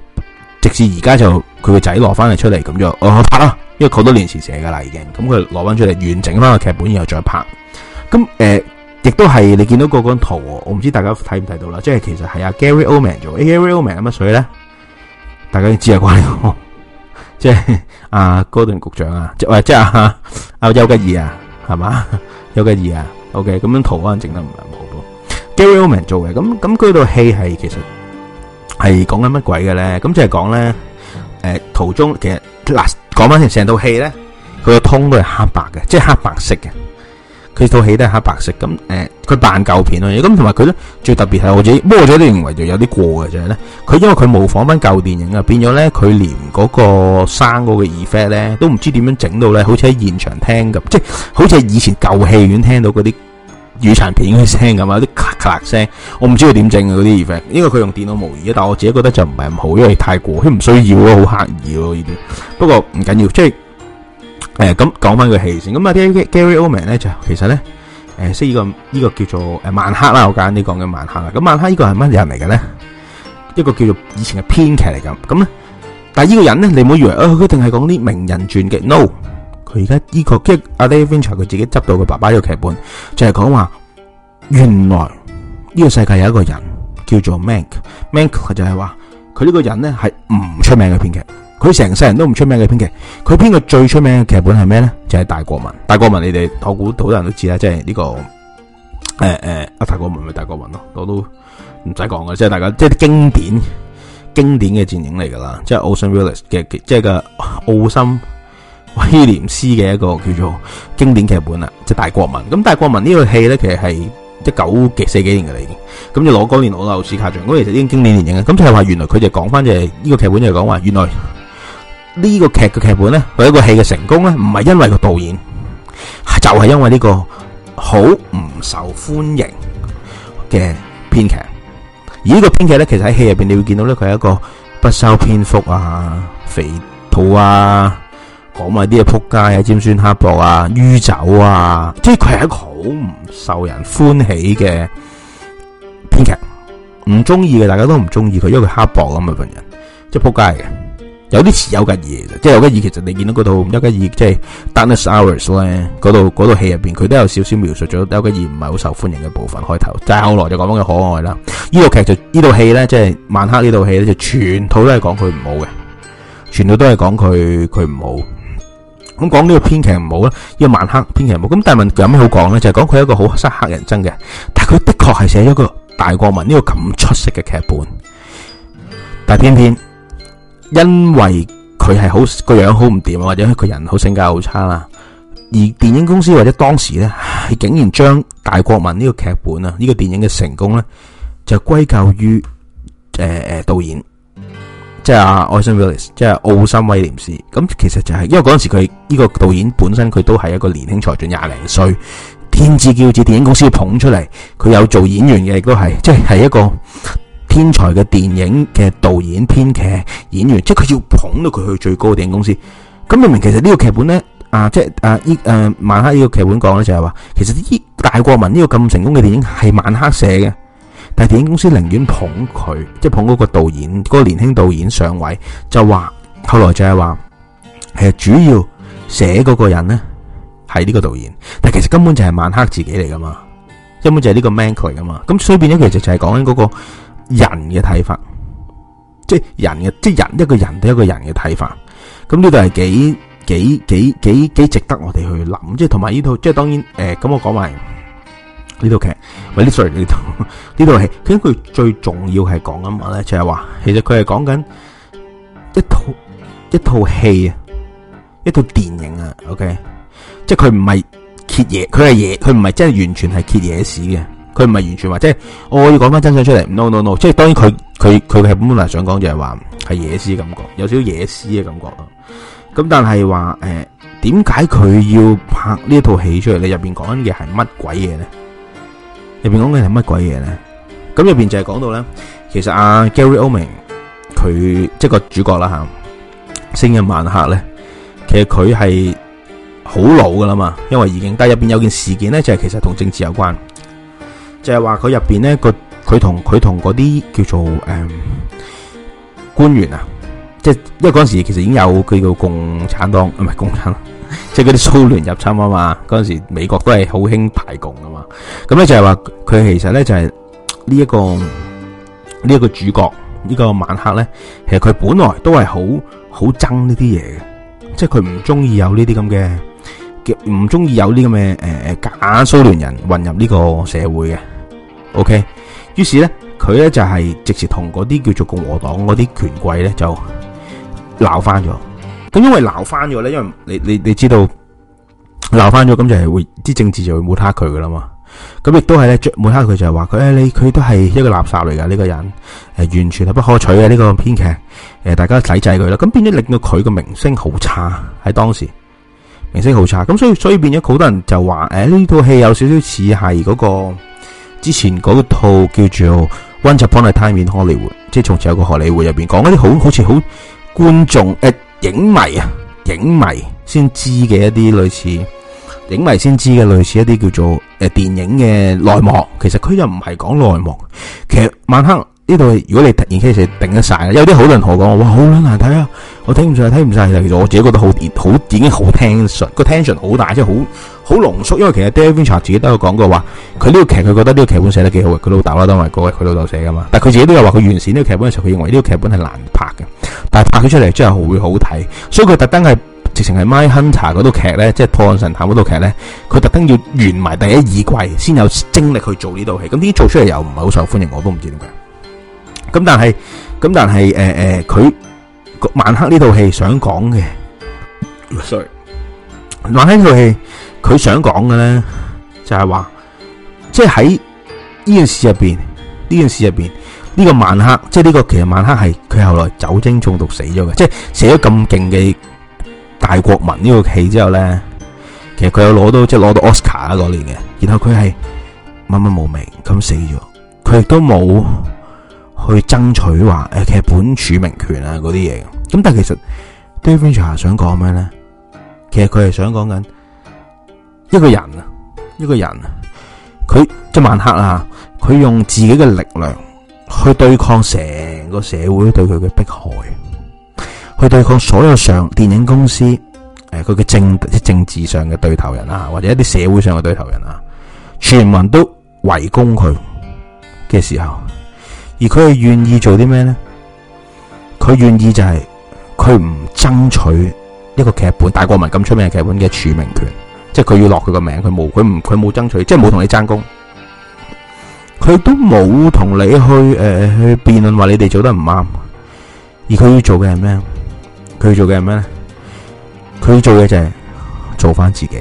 直至而家就佢個仔攞翻嚟出嚟，咁就我、呃、拍啦，因為好多年前寫噶啦，已經咁佢攞翻出嚟完整翻個劇本，然後再拍，咁誒。呃亦都係你見到嗰張圖，我唔知大家睇唔睇到啦。即係其實係阿 Gary Oldman 做，Gary Oldman 乜水咧？大家知關即啊？關即係阿戈登局長啊，即係即係阿阿邱吉爾啊，係、啊、嘛、啊？邱吉爾啊，吉啊，OK。咁樣圖啊整得唔唔好多。Gary Oldman 做嘅，咁咁佢套戲係其實係講緊乜鬼嘅咧？咁即係講咧，誒，途中其實嗱講翻成成套戲咧，佢個通都係黑白嘅，即係黑白色嘅。佢套戲都係黑白色咁，誒，佢扮舊片啊，咁同埋佢咧最特別係我自己摸咗啲，認為就有啲過嘅就係咧，佢因為佢模仿翻舊電影啊，變咗咧佢連嗰個生嗰個 effect 咧都唔知點樣整到咧，好似喺現場聽咁，即係好似係以前舊戲院聽到嗰啲雨殘片嘅聲咁啊，有啲咔咔聲，我唔知佢點整嘅嗰啲 effect，因為佢用電腦模擬，但係我自己覺得就唔係咁好，因為太過，佢唔需要咯，好刻意咯依啲，不過唔緊要，即係。誒，咁講翻個戲先，咁啊啲 Gary Oldman 咧就其實咧，誒識呢個呢個叫做誒曼克啦，我介意啲講嘅曼克啦，咁曼克呢個係乜人嚟嘅咧？一個叫做以前嘅編劇嚟噶，咁咧，但係呢個人咧，你唔好以為啊，佢一定係講啲名人傳嘅，no，佢而家呢個阿、這個、David Fincher 佢自己執到佢爸爸嘅劇本，就係講話原來呢個世界有一個人叫做 Mank，Mank 就係話佢呢個人咧係唔出名嘅編劇。佢成世人都唔出名嘅編劇，佢編個最出名嘅劇本係咩咧？就係、是《大國民》。《大國民》你哋我估好多人都知啦，即係呢、這個誒誒、呃呃《大國民》咪《大國民》咯，我都唔使講嘅，即係大家即係經典經典嘅電影嚟噶啦，即係奧森威利斯嘅即係個奧森威廉斯嘅一個叫做經典劇本啦，即係《大國民》。咁《大國民》呢個戲咧，其實係一九幾四幾年嘅嚟，咁就攞嗰年奧斯卡獎。咁其實已經經典電影啊，咁就係話原來佢就講翻就係呢個劇本就係講話原來。呢個劇嘅劇本咧，佢一個戲嘅成功咧，唔係因為個導演，就係因為呢個好唔受歡迎嘅編劇。而呢個編劇咧，其實喺戲入邊你會見到咧，佢係一個不修邊幅啊、肥肚啊、講埋啲嘅撲街啊、尖酸刻薄啊、酗酒啊，即係佢係一個好唔受人歡喜嘅編劇，唔中意嘅，大家都唔中意佢，因為佢刻薄咁嘅份人，即係撲街嘅。有啲似有嘅嘢嘅，即係邱吉爾，其實你見到嗰套邱吉爾，即係《Darkest Hour》咧，度嗰度戲入邊，佢都有少少描述咗邱吉爾唔係好受歡迎嘅部分開頭。就係後來就講佢可愛啦。部劇，部呢部劇就呢套戲咧，即係曼克呢套戲咧，就全套都係講佢唔好嘅，全套都係講佢佢唔好。咁講呢個編劇唔好啦，呢個曼克編劇唔好。咁、這個、但係問有咩好講咧？就係講佢一個好黑人憎嘅，但係佢的確係寫咗個大國民呢、這個咁出色嘅劇本，但係偏偏。因為佢係好個樣好唔掂啊，或者佢人好性格好差啦，而電影公司或者當時咧，竟然將《大國民》呢個劇本啊，呢個電影嘅成功呢，就歸咎於誒、呃、導演，即係阿愛森威爾斯，即係奧森威廉斯。咁其實就係、是、因為嗰陣時佢呢、這個導演本身佢都係一個年輕才俊，廿零歲天之驕子，電影公司捧出嚟，佢有做演員嘅，亦都係即係係一個。天才嘅電影嘅導演、編劇、演員，即係佢要捧到佢去最高嘅電影公司。咁明明其實這個劇本呢個劇本咧，啊，即係啊，依啊，曼克呢個劇本講咧就係、是、話，其實呢大國民呢個咁成功嘅電影係曼克寫嘅，但係電影公司寧願捧佢，即係捧嗰個導演，嗰、那個年輕導演上位，就話後來就係話，其實主要寫嗰個人咧係呢這個導演，但其實根本就係曼克自己嚟噶嘛，根本就係呢個 Mank 佢嚟噶嘛。咁所以變咗，其實就係講緊嗰個。人嘅睇法，即係人嘅，即係人一個人對一個人嘅睇法，咁呢度係幾幾幾幾幾值得我哋去諗，即係同埋呢套，即係當然，誒、呃，咁我講埋呢套劇，喂，sorry 呢套呢 套戲，佢佢最重要係講緊乜咧？就係話，其實佢係講緊一套一套戲啊，一套電影啊，OK，即係佢唔係揭野，佢係野，佢唔係真係完全係揭野史嘅。佢唔係完全話，即係我要講翻真相出嚟。no no no，即係當然佢佢佢係本來想講就係話係野史嘅感覺，有少少野史嘅感覺咯。咁但係話誒，點解佢要拍呢一套戲出嚟？你入邊講緊嘅係乜鬼嘢咧？入邊講緊嘅係乜鬼嘢咧？咁入邊就係講到咧，其實阿、啊、Gary Oldman 佢即係個主角啦吓、啊，星人萬客咧，其實佢係好老噶啦嘛，因為已經，但入邊有件事件咧，就係、是、其實同政治有關。就係話佢入邊咧，個佢同佢同嗰啲叫做誒、嗯、官員啊，即係因為嗰陣時其實已經有佢叫共產黨，唔係共產黨，即係嗰啲蘇聯入侵啊嘛。嗰陣時美國都係好興排共啊嘛。咁咧就係話佢其實咧就係呢一個呢一個主角呢個晚黑咧，其實佢本來都係好好憎呢啲嘢嘅，即係佢唔中意有呢啲咁嘅，唔中意有呢啲咁嘅誒假蘇聯人混入呢個社會嘅。O.K.，於是咧，佢咧就係直接同嗰啲叫做共和黨嗰啲權貴咧就鬧翻咗。咁因為鬧翻咗咧，因為你你你知道鬧翻咗，咁就係會啲政治就會抹黑佢噶啦嘛。咁亦都係咧，抹黑佢就係話佢誒，你佢都係一個垃圾嚟噶呢個人誒，完全係不可取嘅呢個編劇誒，大家抵制佢啦。咁變咗令到佢個名聲好差，喺當時名聲好差。咁所以所以變咗好多人就話誒呢套戲有少少似係嗰個。之前嗰套叫做《One c h 面。p on Time 即係從前有個荷里活入面，講一啲好好似好觀眾誒影迷啊，影迷先知嘅一啲類似影迷先知嘅類似一啲叫做、呃、電影嘅內幕，其實佢又唔係講內幕。其實晚黑呢度，如果你突然其成日頂得晒，有啲好多人同我講，哇，好撚難睇啊！我睇唔晒，睇唔其實我自己覺得好好已經好聽 e 個 t e n i o n 好大，即係好。好濃縮，因為其實 David Fincher 自己都有講過話，佢呢個劇佢覺得呢個劇本寫得幾好嘅，佢老豆啦當係位，佢老豆寫噶嘛。但係佢自己都有話，佢完善呢個劇本嘅時候，佢認為呢個劇本係難拍嘅，但係拍咗出嚟真係會好睇。所以佢特登係直情係 Mindhunter 嗰套劇咧，即係《破案神探》嗰套劇咧，佢特登要完埋第一二季先有精力去做呢套戲。咁呢啲做出嚟又唔係好受歡迎，我都唔知點解。咁但係咁但係誒誒佢曼克呢套戲想講嘅，Sorry，曼克套戲。佢想講嘅咧，就係話即係喺呢件事入邊，呢件事入邊呢個曼克，即係呢個其實曼克係佢後來酒精中毒死咗嘅。即係寫咗咁勁嘅大國民呢個戲之後咧，其實佢有攞到即係攞到 Oscar 嗰年嘅。然後佢係默默無名咁死咗，佢亦都冇去爭取話誒劇本署名權啊嗰啲嘢。咁但係其實 David Fincher 想講咩咧？其實佢係想講緊。一個人啊，一個人啊，佢即係曼克啊。佢用自己嘅力量去對抗成個社會對佢嘅迫害，去對抗所有上電影公司誒，佢嘅政即政治上嘅對頭人啊，或者一啲社會上嘅對頭人啊，全民都圍攻佢嘅時候，而佢係願意做啲咩呢？佢願意就係佢唔爭取一個劇本，大國民咁出名嘅劇本嘅署名權。即係佢要落佢個名，佢冇，佢唔，佢冇爭取，即係冇同你爭功，佢都冇同你去誒、呃、去辯論話你哋做得唔啱，而佢要做嘅係咩？佢要做嘅係咩咧？佢要做嘅就係做翻自己，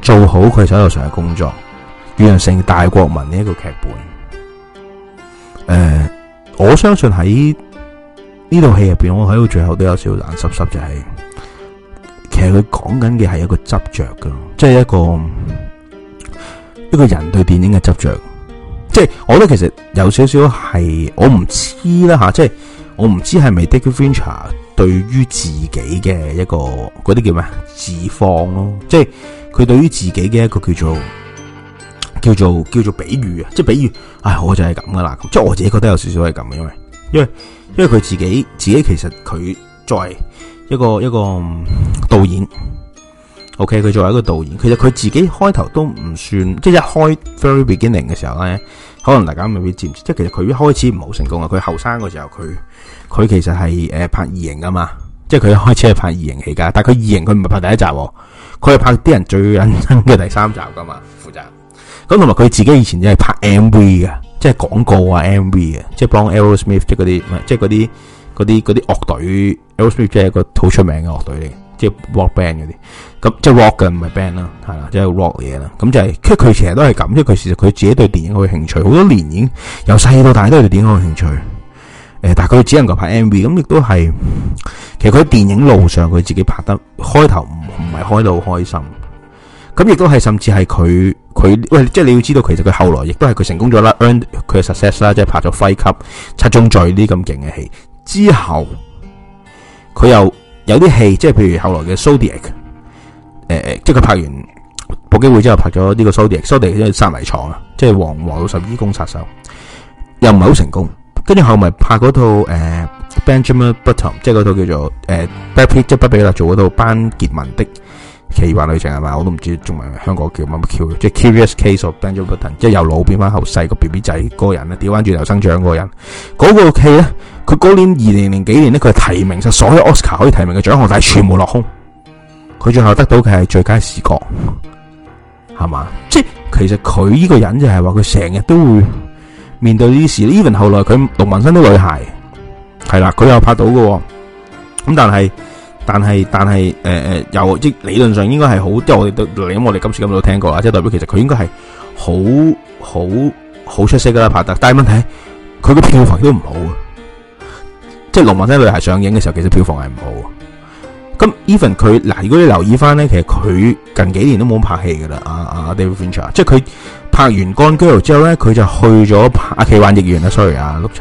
做好佢手頭上嘅工作，完成大國民呢一個劇本。誒、呃，我相信喺呢套戲入邊，我喺到最後都有少少眼濕濕，就係、是。其實佢講緊嘅係一個執着噶，即係一個一個人對電影嘅執着。即係，我覺得其實有少少係我唔知啦吓，即係我唔知係咪 David Fincher 對於自己嘅一個嗰啲叫咩自放咯，即係佢對於自己嘅一個叫做叫做叫做比喻啊，即係比喻。唉，我就係咁噶啦，即係我自己覺得有少少係咁啊，因為因為因為佢自己自己其實佢作為。一個一個導演，OK，佢作為一個導演，其實佢自己開頭都唔算，即係一開 Very Beginning 嘅時候咧，可能大家未必知唔知。即係其實佢一開始唔好成功啊，佢後生嘅時候，佢佢其實係誒拍異形噶嘛，即係佢一開始係拍異形起家，但係佢異形佢唔係拍第一集，佢係拍啲人最引申嘅第三集噶嘛，負責。咁同埋佢自己以前就係拍 MV 嘅，即係廣告啊 MV 嘅，即係幫 Aerosmith 即係嗰啲，即係嗰啲。嗰啲嗰啲樂隊，Aerosmith 即係一個好出名嘅樂隊嚟嘅，就是，即係 rock 是 band 嗰啲咁，即係 rock 嘅唔係 band 啦，係啦，即係 rock 嘢啦。咁就係，佢其實都係咁，即係佢其實佢自己對電影好有興趣，好多年已經由細到大都對電影有興趣。誒，但係佢只能夠拍 MV，咁亦都係其實佢喺電影路上佢自己拍得開頭唔唔係開到開心，咁亦都係甚至係佢佢喂，即係你要知道，其實佢後來亦都係佢成功咗啦，earn 佢嘅 success 啦，即係拍咗 Fight Club 七宗罪呢咁勁嘅戲。之後佢又有啲戲，即係譬如後來嘅 Sodiac，誒、呃、誒，即係佢拍完《搏擊會》之後拍咗呢個 Sodiac，Sodiac 即係殺謎藏啊，即係黃黃道十二宮殺手，又唔係好成功。跟住後咪拍嗰套誒、呃、Benjamin Button，即係嗰套叫做誒、呃、不比即係不比啦做嗰套班傑文的奇幻旅程係嘛？我都唔知中文香港叫乜乜 Q，即係 Curious Case of Benjamin Button，即係由老變翻後細個 B B 仔個人咧調翻轉頭生長個人，嗰個人嗰個戲咧。佢嗰年二零零幾年咧，佢係提名就所有 Oscar 可以提名嘅獎項，但係全部落空。佢最後得到嘅係最佳的視覺，係嘛？即係其實佢呢個人就係話佢成日都會面對呢啲事。even 後來佢《龍紋身啲女孩》係啦，佢又拍到嘅咁，但係但係但係誒誒，又即理論上應該係好，即係我哋我哋今次咁都聽過啦，即係代表其實佢應該係好好好出色噶啦，拍得。但係問題佢嘅票房都唔好即係《龍紋身女孩》上映嘅時候，其實票房係唔好的。咁 Even 佢嗱，如果你留意翻咧，其實佢近幾年都冇拍戲噶啦。阿阿、啊啊、David Fincher，即係佢拍完《Gone Girl》之後咧，佢就去咗拍《阿、啊、奇幻逆緣》啦。Sorry，阿、啊、六七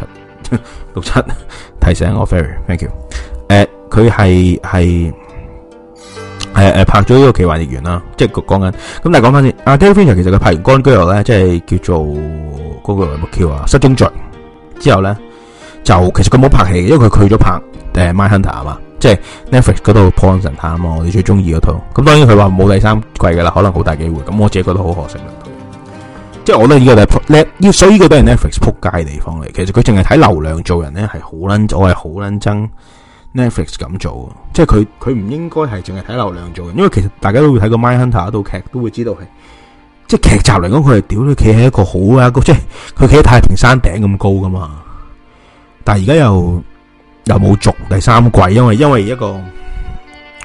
六七提醒、啊、我 Fairy, thank you、啊。誒，佢係係誒誒拍咗呢、這個《奇幻逆緣》啦，即係講緊。咁但係講翻先說，阿、啊、David Fincher 其實佢拍完《Gone Girl》咧，即係叫做嗰、那個叫啊失蹤罪》之後咧。就其實佢冇拍戲，因為佢去咗拍誒《Mindhunter》啊嘛，即係 Netflix 嗰套《破案神探》啊嘛。我哋最中意嗰套咁，當然佢話冇第三季噶啦，可能好大機會。咁我自己覺得好可惜，即係 我覺得呢個就撲、係、所以呢個都係 Netflix 撲街嘅地方嚟。其實佢淨係睇流量做人咧，係好撚，我係好撚憎 Netflix 咁做。即係佢佢唔應該係淨係睇流量做人，因為其實大家都會睇過《Mindhunter》嗰套劇，都會知道係即係劇集嚟講，佢係屌都企喺一個好啊即係佢企喺太平山頂咁高噶嘛。但係而家又又冇續第三季，因為因為一個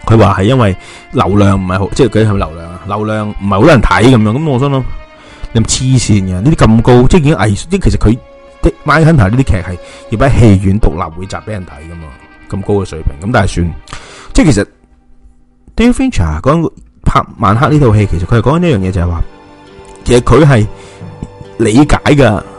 佢話係因為流量唔係好，即係佢係咪流量啊？流量唔係好多人睇咁樣，咁我想諗，咁黐線嘅呢啲咁高，即係演藝術，即係其實佢的 Mindhunter 呢啲劇係要喺戲院獨立會集俾人睇噶嘛，咁高嘅水平，咁但係算，即係其實 David Fincher 講拍《曼克》呢套戲，其實佢係講緊一樣嘢，就係話其實佢係理解噶。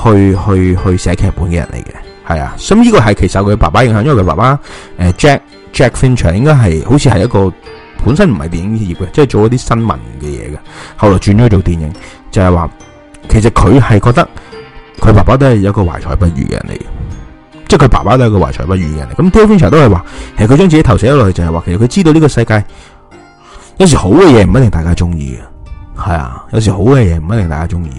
去去去寫劇本嘅人嚟嘅，係啊，咁呢個係其實佢爸爸影響，因為佢爸爸誒、呃、Jack Jack Fincher 應該係好似係一個本身唔係電影業嘅，即係做一啲新聞嘅嘢嘅，後來轉咗去做電影，就係話其實佢係覺得佢爸爸都係一個懷才不遇嘅人嚟，嘅。即係佢爸爸都係一個懷才不遇嘅人。咁 Jack Fincher 都係話，其實佢將自己投射咗落去就，就係話其實佢知道呢個世界有時候好嘅嘢唔一定大家中意嘅，係啊，有時候好嘅嘢唔一定大家中意，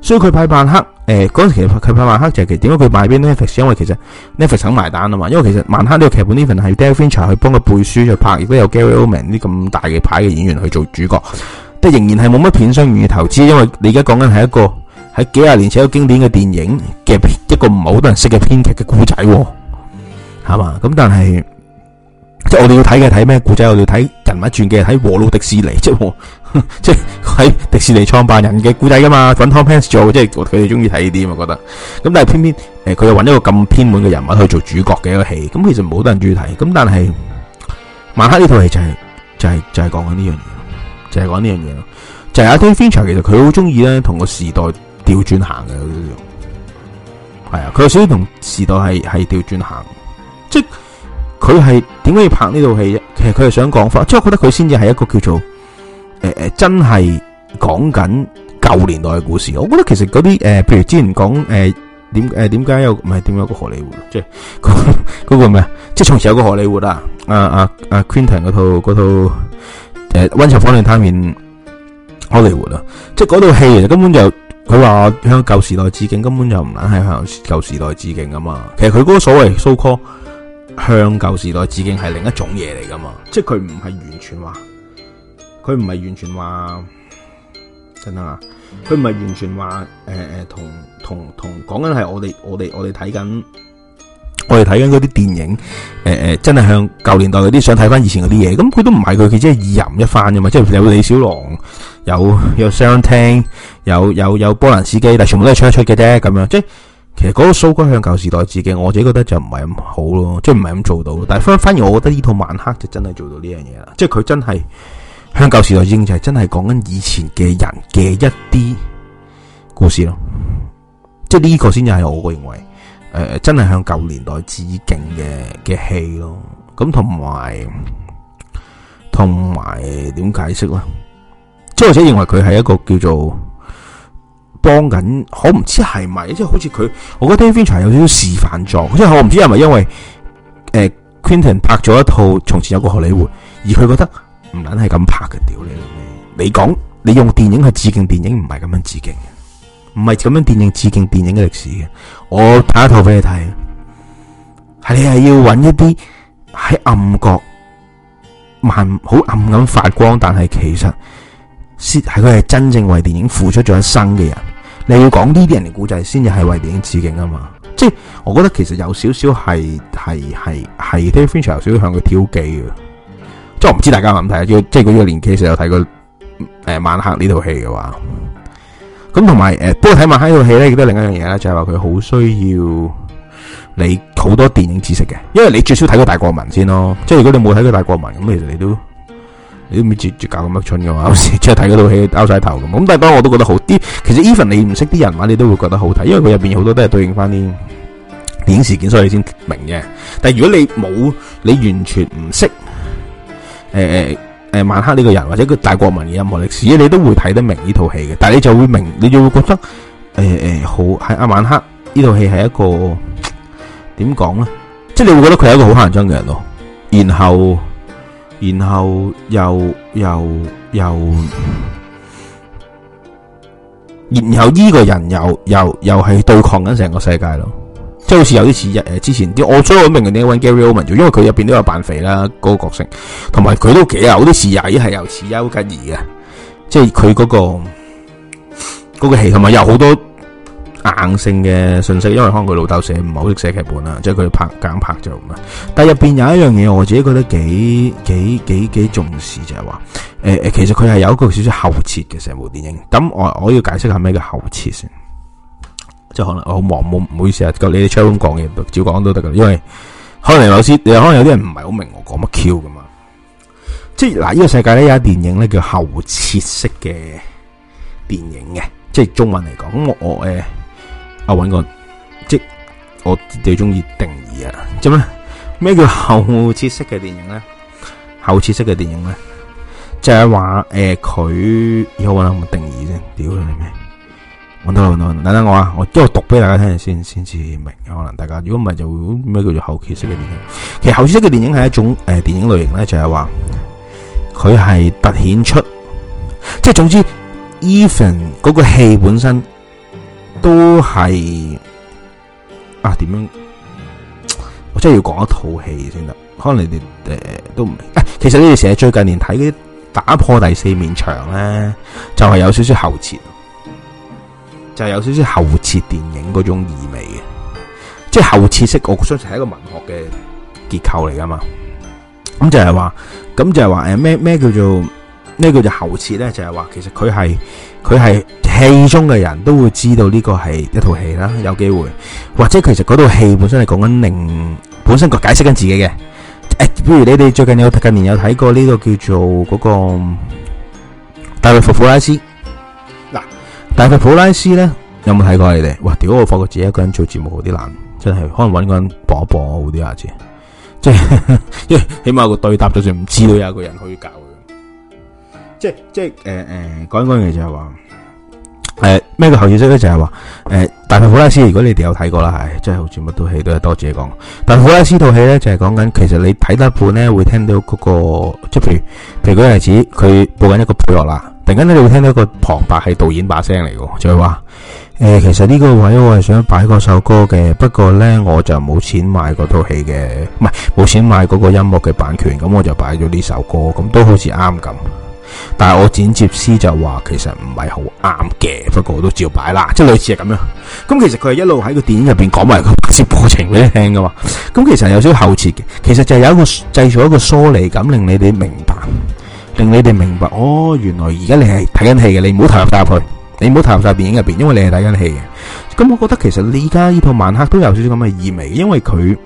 所以佢派判黑。誒，嗰、呃、時佢拍曼克就係點解佢賣俾 Netflix，因為其實 Netflix 想埋單啊嘛，因為其實曼克呢、這個劇本 Netflix 係 David Fincher 去幫佢背書去拍，亦都有 Gary Oldman 啲咁大嘅牌嘅演員去做主角，都仍然係冇乜片商願意投資，因為你而家講緊係一個喺幾廿年前嘅經典嘅電影嘅一個唔係好多人識嘅編劇嘅故仔，啊，係嘛？咁但係即係我哋要睇嘅睇咩故仔？我哋要睇人物傳記，睇《和路迪士尼》啫。即係喺迪士尼創辦人嘅古仔噶嘛，搵 Tom Hanks 做，即係佢哋中意睇呢啲啊，覺得咁，但係偏偏誒，佢、呃、又搵一個咁偏門嘅人物去做主角嘅一個戲，咁其實冇得人中意睇，咁但係曼克呢套戲就係就係就係講緊呢樣嘢，就係講呢樣嘢咯，就係阿 Tom Fincher 其實佢好中意咧，同個時代調轉行嘅，係啊，佢想同時代係係調轉行，即係佢係點解要拍呢套戲啫？其實佢係想講法，即係我覺得佢先至係一個叫做。誒誒、呃，真係講緊舊年代嘅故事，我覺得其實嗰啲誒，譬如之前講誒、呃，點誒、呃、點，點解有唔係點樣一個荷里活？即係嗰、那個咩 即係從前有個荷里活啊？啊啊啊！Quentin 嗰套嗰套誒 Once Upon a Time in 荷里活啊！啊啊啊即係嗰套戲其實根本就佢話向舊時代致敬，根本就唔係喺向舊時代致敬啊嘛。其實佢嗰個所謂 so-called 向舊時代致敬係另一種嘢嚟噶嘛，即係佢唔係完全話。佢唔係完全話真係啊，佢唔係完全話誒誒，同同同講緊係我哋我哋我哋睇緊我哋睇緊嗰啲電影誒誒、呃，真係向舊年代嗰啲想睇翻以前嗰啲嘢。咁佢都唔係佢，佢即係意淫一番啫嘛。即係有李小龍有有 Sharon Tate，有有 an，有、有、有波蘭斯基，但全部都係出一出嘅啫。咁樣即係其實嗰個蘇哥向舊時代致敬，我自己覺得就唔係咁好咯，即係唔係咁做到。但係反反而我覺得呢套曼克就真係做到呢樣嘢啦，即係佢真係。向舊時代致敬，真係講緊以前嘅人嘅一啲故事咯，即係呢個先至係我嘅認為，誒、呃、真係向舊年代致敬嘅嘅戲咯。咁同埋同埋點解釋咧？即係或者認為佢係一個叫做幫緊，我唔知係咪？即係好似佢，我覺得 David Fincher 有少少示範狀，即係我唔知係咪因為誒、呃、Quentin 拍咗一套從前有個荷里活，而佢覺得。唔撚係咁拍嘅屌你，你講你用電影去致敬電影，唔係咁樣致敬嘅，唔係咁樣電影致敬電影嘅歷史嘅。我睇一套俾你睇，你係要揾一啲喺暗角慢好暗暗發光，但係其實係佢係真正為電影付出咗一生嘅人。你要講呢啲人嘅故仔，先至係為電影致敬啊嘛。即係我覺得其實有少少係係係係 e 有少少向佢挑機嘅。都唔知大家有冇睇，即係佢呢個年紀時候睇過誒《曼、呃、克》呢套戲嘅話，咁同埋誒，不過睇《曼克》呢套戲咧，亦都另一樣嘢咧，就係話佢好需要你好多電影知識嘅，因為你最少睇過大《過大國民》先咯，即係如果你冇睇過《大國民》，咁其實你都你都唔知搞咁乜春嘅話，即係睇嗰套戲拗晒頭咁。咁但係不過我都覺得好啲，其實 even 你唔識啲人話，你都會覺得好睇，因為佢入邊好多都係對應翻啲電影事件，所以你先明嘅。但係如果你冇，你完全唔識。誒誒誒，曼克呢個人或者佢大國民嘅任何歷史，你都會睇得明呢套戲嘅。但係你就會明，你就會覺得誒誒，好係阿曼克呢套戲係一個點講咧？即係你會覺得佢係一個好誇張嘅人咯。然後然後又又又然後呢個人又又又係對抗緊成個世界咯。即係好似有啲似日誒，之前啲我最好明嘅 New Gary Oldman 就，因為佢入邊都有扮肥啦，嗰、那個角色，同埋佢都幾啊，好多似仔係又似丘吉爾嘅，即係佢嗰個嗰、那個戲，同埋有好多硬性嘅信息，因為可能佢老豆寫唔係好識寫劇本啦，即係佢拍簡拍就，但係入邊有一樣嘢，我自己覺得幾幾幾幾重視就係、是、話，誒、欸、其實佢係有一個少少後設嘅成部電影，咁我我要解釋下咩叫後設先。即係可能我、哦、好忙，唔好意思啊！你哋 chatroom 講嘢，照講都得噶。因為可能你老師，你可能有啲人唔係好明我講乜 Q 噶嘛。即係嗱，呢、這個世界咧有一電影咧叫後設式嘅電影嘅，即係中文嚟講。我我誒，我，、呃、我搵個即我最中意定義啊，做咩？咩叫後設式嘅電影咧？後設式嘅電影咧，就係話誒，佢、呃、有冇定義先？屌你咩？嗯嗯、等等我啊，我都係讀俾大家聽先，先至明。可能大家如果唔係，就會咩叫做後期式嘅電影。其實後期式嘅電影係一種誒、呃、電影類型咧，就係話佢係突顯出，即係總之，even 嗰個戲本身都係啊點樣？我真係要講一套戲先得。可能你哋誒、呃、都唔明啊。其實你哋成日最近年睇啲打破第四面牆咧，就係、是、有少少後設。就有少少後設電影嗰種意味嘅，即係後設式，我相信係一個文學嘅結構嚟噶嘛。咁就係話，咁就係話，誒咩咩叫做咩叫做後設咧？就係、是、話其實佢係佢係戲中嘅人都會知道呢個係一套戲啦。有機會或者其實嗰套戲本身係講緊另，本身個解釋緊自己嘅。誒、欸，譬如你哋最近有近年有睇過呢個叫做嗰、那個《大樂福福》啊？先。大佛普拉斯咧，有冇睇過你哋？哇！屌，我發覺自己一個人做節目好啲難，真係可能搵個人補一補好啲啊！即係即係， 起碼有個對答就算，唔知道有一個人可以教嘅。即係即係，誒誒、呃，講講嘅就係、呃、話，誒咩個後意思咧就係、是、話，誒、呃《大佛普拉斯如果你哋有睇過啦，係真係好似乜套戲都係多謝講。但係《普拉斯套戲咧就係講緊，其實你睇得一半咧會聽到嗰、那個，即係譬如譬如嗰個例子，佢播緊一個配樂啦。突然間咧，你會聽到一個旁白係導演把聲嚟嘅，就係話：誒、呃，其實呢個位我係想擺嗰首歌嘅，不過咧我就冇錢買嗰套戲嘅，唔係冇錢買嗰個音樂嘅版權，咁我就擺咗呢首歌，咁都好似啱咁。但係我剪接師就話，其實唔係好啱嘅，不過我都照擺啦，即係類似係咁樣。咁其實佢係一路喺個電影入邊講埋個拍攝過程俾你聽噶嘛。咁其實有少少後設嘅，其實就有一個製造一個疏離感，令你哋明白。令你哋明白，哦，原來而家你係睇緊戲嘅，你唔好投入入去，你唔好投入晒電影入邊，因為你係睇緊戲嘅。咁我覺得其實而家呢部《曼克》都有少少咁嘅意味，因為佢，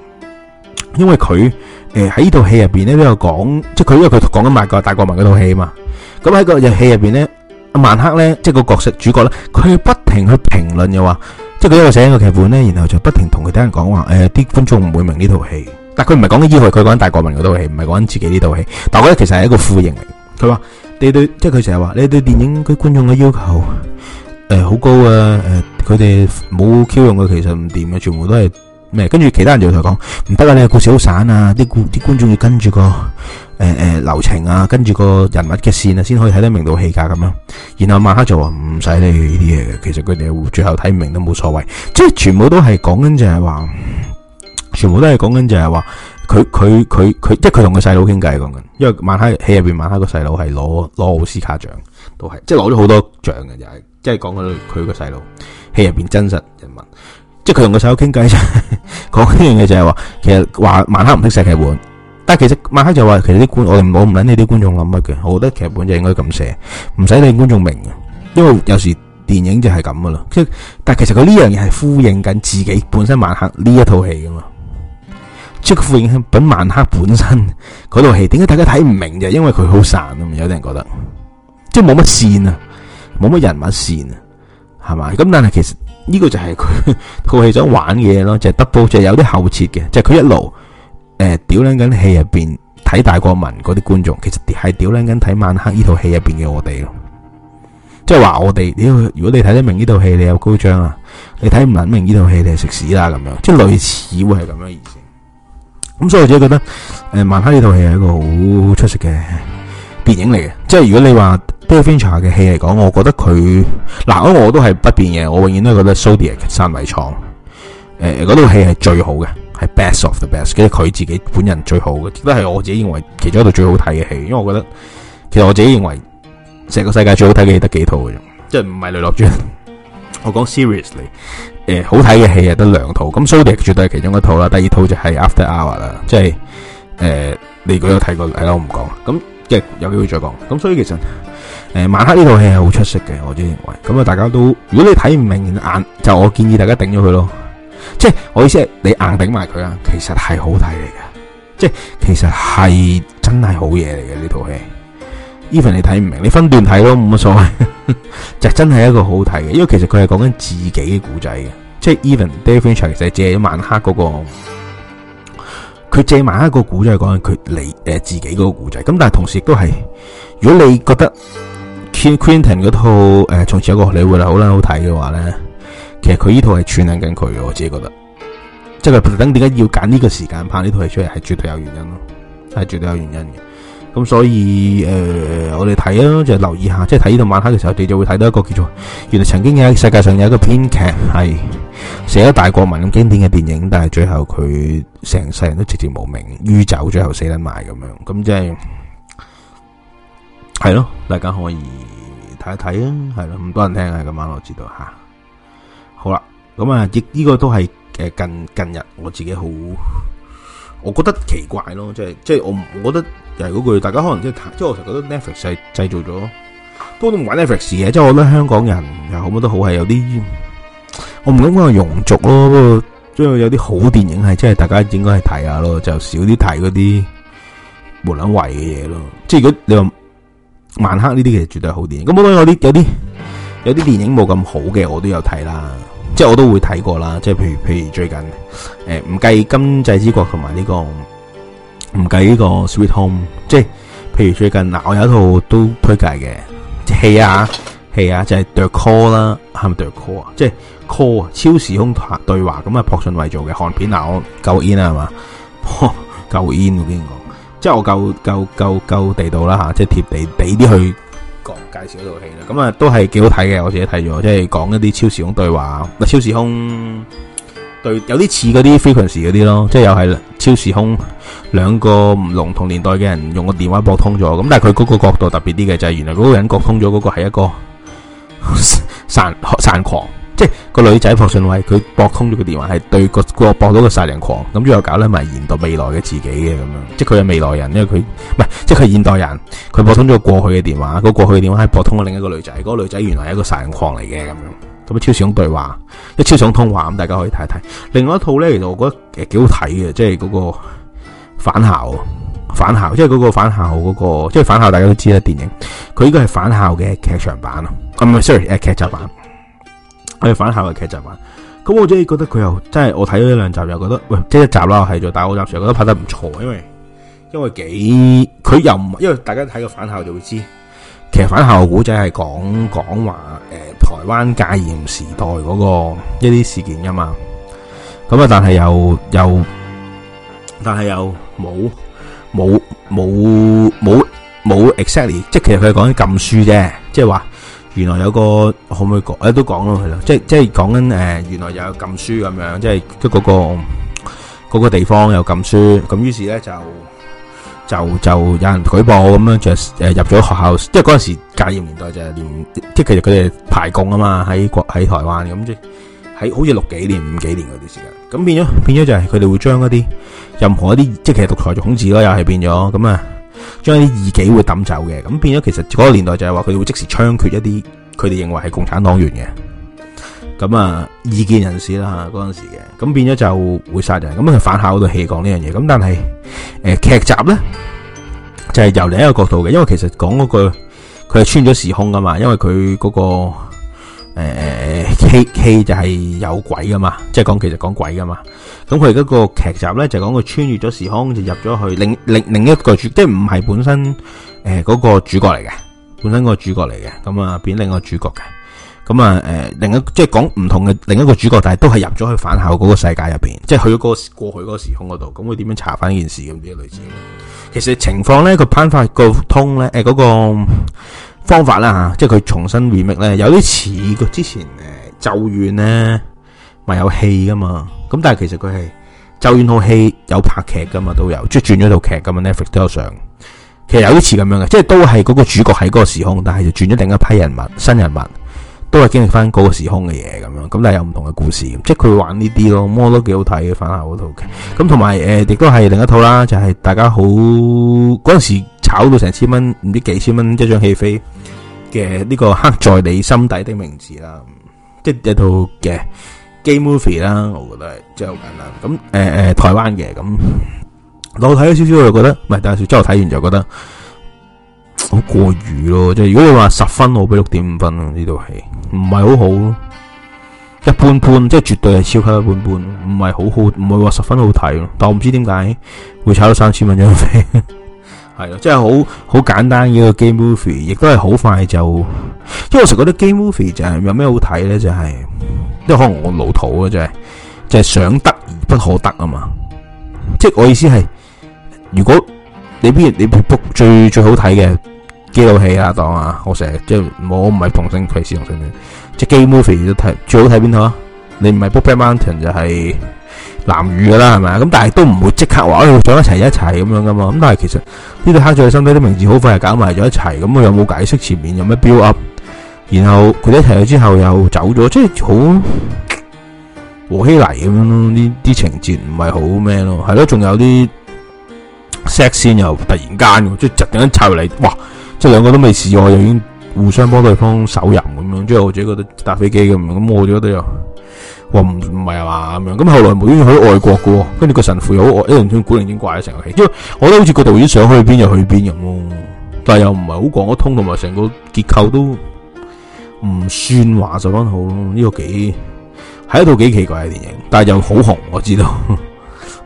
因為佢，誒喺呢套戲入邊咧都有講，即係佢因為佢講緊外國大國民嗰套戲啊嘛。咁喺個戲入邊咧，阿曼克咧，即係個角色主角咧，佢不停去評論又話，即係佢一路寫個劇本咧，然後就不停同佢啲人講話，誒啲觀眾唔會明呢套戲。但係佢唔係講緊，因為佢講緊大國民嗰套戲，唔係講緊自己呢套戲。但係我覺得其實係一個呼應嚟。佢話你對，即係佢成日話你對電影啲觀眾嘅要求誒好、呃、高啊，誒佢哋冇 Q 用嘅，其實唔掂嘅，全部都係咩。跟住其他人就同佢講唔得啦，你嘅故事好散啊，啲啲觀眾要跟住個誒誒、呃、流程啊，跟住個人物嘅線啊，先可以睇得明到細節咁樣。然後曼克就話唔使理呢啲嘢嘅，其實佢哋最後睇唔明都冇所謂，即係全部都係講緊，就係話全部都係講緊就係話。佢佢佢佢即係佢同個細佬傾偈講緊，因為曼克戲入邊，曼克個細佬係攞攞奧斯卡獎，都係即係攞咗好多獎嘅，就係即係講佢佢個細佬戲入邊真實人物，即係佢同個細佬傾偈，講呢樣嘢就係、是、話，其實話曼克唔識寫劇本，但係其實曼克就話其實啲觀我我唔諗你啲觀眾諗乜嘅，我覺得劇本就應該咁寫，唔使令觀眾明嘅，因為有時電影就係咁噶啦，即係但係其實佢呢樣嘢係呼應緊自己本身曼克呢一套戲噶嘛。即係影響本曼克本身嗰套戲，點解大家睇唔明就因為佢好散啊。有人覺得即係冇乜線啊，冇乜人物線啊，係嘛？咁但係其實呢、這個就係佢套戲想玩嘢咯，就係 double，就係有啲後設嘅，就係佢一路誒屌捻緊戲入邊睇大國民嗰啲觀眾，其實係屌捻緊睇曼克呢套戲入邊嘅我哋咯。即係話我哋如果你睇得明呢套戲，你有高章啊；你睇唔捻明呢套戲，你食屎啦咁樣。即係類似會係咁樣的意思。咁、嗯、所以我自己覺得，誒、呃，曼克呢套戲係一個好出色嘅電影嚟嘅。即係如果你話 David Fincher 嘅戲嚟講，我覺得佢嗱，因為我都係不變嘅。我永遠都覺得《Zodiac 三米床，誒、呃，嗰套戲係最好嘅，係 Best of the Best。其實佢自己本人最好嘅，亦都係我自己認為其中一套最好睇嘅戲。因為我覺得，其實我自己認為成個世界最好睇嘅戲得幾套嘅啫，即係唔係雷諾尊。我講 seriously，誒、呃、好睇嘅戲係得兩套，咁《Soda》絕對係其中一套啦，第二套就係《After Hour》啦、呃，即係誒你如果有睇過嚟啦，我唔講啦，咁即係有機會再講，咁所以其實誒晚黑呢套戲係好出色嘅，我自認為，咁啊大家都如果你睇唔明眼，就我建議大家頂咗佢咯，即係我意思係你硬頂埋佢啊，其實係好睇嚟嘅，即係其實係真係好嘢嚟嘅呢套戲。Even 你睇唔明，你分段睇咯，冇乜所謂。就真係一個好睇嘅，因為其實佢係講緊自己嘅故仔嘅，即係 Even David Fincher 其實借咗曼克嗰個，佢借曼克個古仔嚟講緊佢你誒自己嗰個故仔。咁但係同時亦都係，如果你覺得 Quentin 嗰套誒從前有個荷里活啦，好啦好睇嘅話咧，其實佢依套係串聯緊佢嘅，我自己覺得。即係等點解要揀呢個時間拍呢套戲出嚟，係絕對有原因咯，係絕對有原因嘅。咁所以誒、呃，我哋睇咯，就是，留意下，即係睇呢度晚黑嘅時候，你就會睇到一個叫做，原來曾經喺世界上有一個編劇係寫咗大國民咁經典嘅電影，但係最後佢成世人都直接無名，於走最後死得埋咁樣，咁即係係咯，大家可以睇一睇啊，係咯，咁多人聽啊，今晚我知道吓、啊，好啦，咁啊，亦呢個都係誒近近日我自己好。我覺得奇怪咯，即係即係我不我覺得又係嗰句，大家可能即係即係我就覺得 Netflix 係製造咗，都都唔玩 Netflix 嘅，即係我覺得香港人又好乜都好係有啲，我唔諗講係庸俗咯，即係有啲好電影係即係大家應該係睇下咯，就少啲睇嗰啲無諗為嘅嘢咯。即係如果你話曼克呢啲嘅其實絕對係好電影，咁當然有啲有啲有啲電影冇咁好嘅我都有睇啦。即係我都會睇過啦，即係譬如譬如最近，誒唔計《今際之國》同埋呢個唔計呢個《Sweet Home》，即係譬如最近嗱，我有一套都推介嘅，戲啊戲啊，就係、是《The Call》啦，係咪《The Call》啊？即係《Call》啊，超時空對對話，咁啊，朴信惠做嘅韓片啊，我夠 in 啊嘛，夠 in 我見過，即係我夠夠夠夠地道啦吓，即係貼地俾啲去。介紹嗰套戲啦，咁啊都係幾好睇嘅，我自己睇咗，即係講一啲超時空對話，超時空對有啲似嗰啲《Frequency》嗰啲咯，即係又係超時空兩個唔同年代嘅人用個電話駁通咗，咁但係佢嗰個角度特別啲嘅就係、是、原來嗰個人駁通咗嗰個係一個散散 狂。即係、那個女仔朴信惠，佢撥通咗個電話，係對個個撥到個殺人狂，咁之後搞咧咪現代未來嘅自己嘅咁樣，即係佢係未來人，因為佢唔係，即係佢現代人，佢撥通咗過去嘅電話，個過去嘅電話係撥通咗另一個女仔，嗰、那個女仔原來係一個殺人狂嚟嘅咁樣，咁超想對話，一超想通話咁，大家可以睇一睇。另外一套咧，其實我覺得誒幾好睇嘅，即係嗰個返校返校即係嗰個返校嗰個，即係返校大家都知啦，電影，佢應該係返校嘅劇場版啊、嗯、，sorry，誒劇集版。佢返校嘅劇集嘛，咁我即係覺得佢又真係我睇咗一兩集又覺得，喂，即係一集啦，係做大鼓集，時候覺得拍得唔錯，因為因為幾佢又唔，因為大家睇個返校就會知，其實返校古仔係講講話誒、呃、台灣戒嚴時代嗰、那個一啲事件噶嘛，咁啊，但係又又但係又冇冇冇冇冇 exactly，即係其實佢係講緊禁書啫，即係話。原來有個可唔可以講、啊？都講咯，係啦，即係即講緊、呃、原來有禁書咁樣，即係即嗰個嗰、嗯那個、地方有禁書，咁於是咧就就就有人舉報咁樣就，就、呃、入咗學校，即係嗰陣時戒嚴年代就連，即係其實佢哋排共啊嘛，喺國喺台灣咁即係喺好似六幾年、五幾年嗰啲時間，咁變咗變咗就係佢哋會將一啲任何一啲，即係其實獨裁統治咯，又係變咗咁啊。將啲異己會抌走嘅，咁變咗其實嗰個年代就係話佢會即時槍決一啲佢哋認為係共產黨員嘅，咁啊異見人士啦吓，嗰陣時嘅，咁變咗就會殺人，咁佢反下嗰度起講呢樣嘢，咁但係誒劇集咧就係、是、由另一個角度嘅，因為其實講嗰句佢係穿咗時空噶嘛，因為佢嗰、那個。誒，戲戲、呃、就係有鬼噶嘛，即係講其實講鬼噶嘛。咁佢嗰個劇集咧就講、是、佢穿越咗時空，就入咗去另另另一個主，即係唔係本身誒嗰、呃那個主角嚟嘅，本身個主角嚟嘅，咁啊變另一個主角嘅，咁啊誒另一即係講唔同嘅另一個主角，但係都係入咗去返校嗰個世界入邊，即係去嗰個過去嗰個時空嗰度。咁佢點樣查翻呢件事咁啲類似？其實情況咧，佢攀法溝通咧，誒、呃、嗰、那個。方法啦，吓即係佢重新 remake 咧，有啲似佢之前誒《咒怨》咧，咪有戲噶嘛？咁但係其實佢係《咒怨》套戲有拍劇噶嘛，都有即係轉咗套劇咁樣 Netflix 都有上。其實有啲似咁樣嘅，即係都係嗰個主角喺嗰個時空，但係就轉咗另一批人物、新人物，都係經歷翻嗰個時空嘅嘢咁樣咁但係有唔同嘅故事，即係佢玩呢啲咯，我都幾好睇嘅翻下嗰套劇。咁同埋誒亦都係另一套啦，就係、是、大家好嗰陣時炒到成千蚊，唔知幾千蚊一張戲飛嘅呢個刻在你心底的名字啦，即係一套嘅 gay movie 啦，我覺得係真係好簡單。咁誒誒，台灣嘅咁我睇咗少少我就覺得，唔係，但係之後睇完就覺得好過譽咯。即係如果你話十分，我俾六點五分呢套戲唔係好好，一般般，即係絕對係超級一般般，唔係好好，唔係話十分好睇咯。但我唔知點解會炒到三千蚊一張飛。係咯，真係好好簡單嘅一個 game movie，亦都係好快就，因為我成日覺得 game movie 就係有咩好睇咧？就係、是，即係可能我老土啊，就係，就係想得而不可得啊嘛，即係我意思係，如果你邊你 book 最你最好睇嘅基佬戲啊當啊，我成日即係我唔係同性歧視同性戀，即係 game movie 都睇最好睇邊套啊，你唔係《Brokeback Mountain》就係、是。男宇噶啦，係咪？咁但係都唔會即刻話，誒，想一齊一齊咁樣噶嘛。咁但係其實呢對黑仔身邊啲名字好快係搞埋咗一齊，咁有冇解釋前面有咩 build up 然後佢一齊咗之後又走咗，即係好和稀泥咁咯。呢啲情節唔係好咩咯？係咯，仲有啲 sex 綫又突然間，即係突然間插入嚟，哇！即係兩個都未試過，又已經互相幫對方手淫咁樣，即係我自己覺得搭飛機咁樣，咁我覺得又。話唔唔係啊嘛咁樣，咁後來無端去外國嘅，跟住個神父又好愛，一人串古靈精怪咗成部戲，因為我覺得好似個導演想去邊就去邊咁咯，但係又唔係好講得通，同埋成個結構都唔算話十分好咯。呢、這個幾係一套幾奇怪嘅電影，但係又好紅，我知道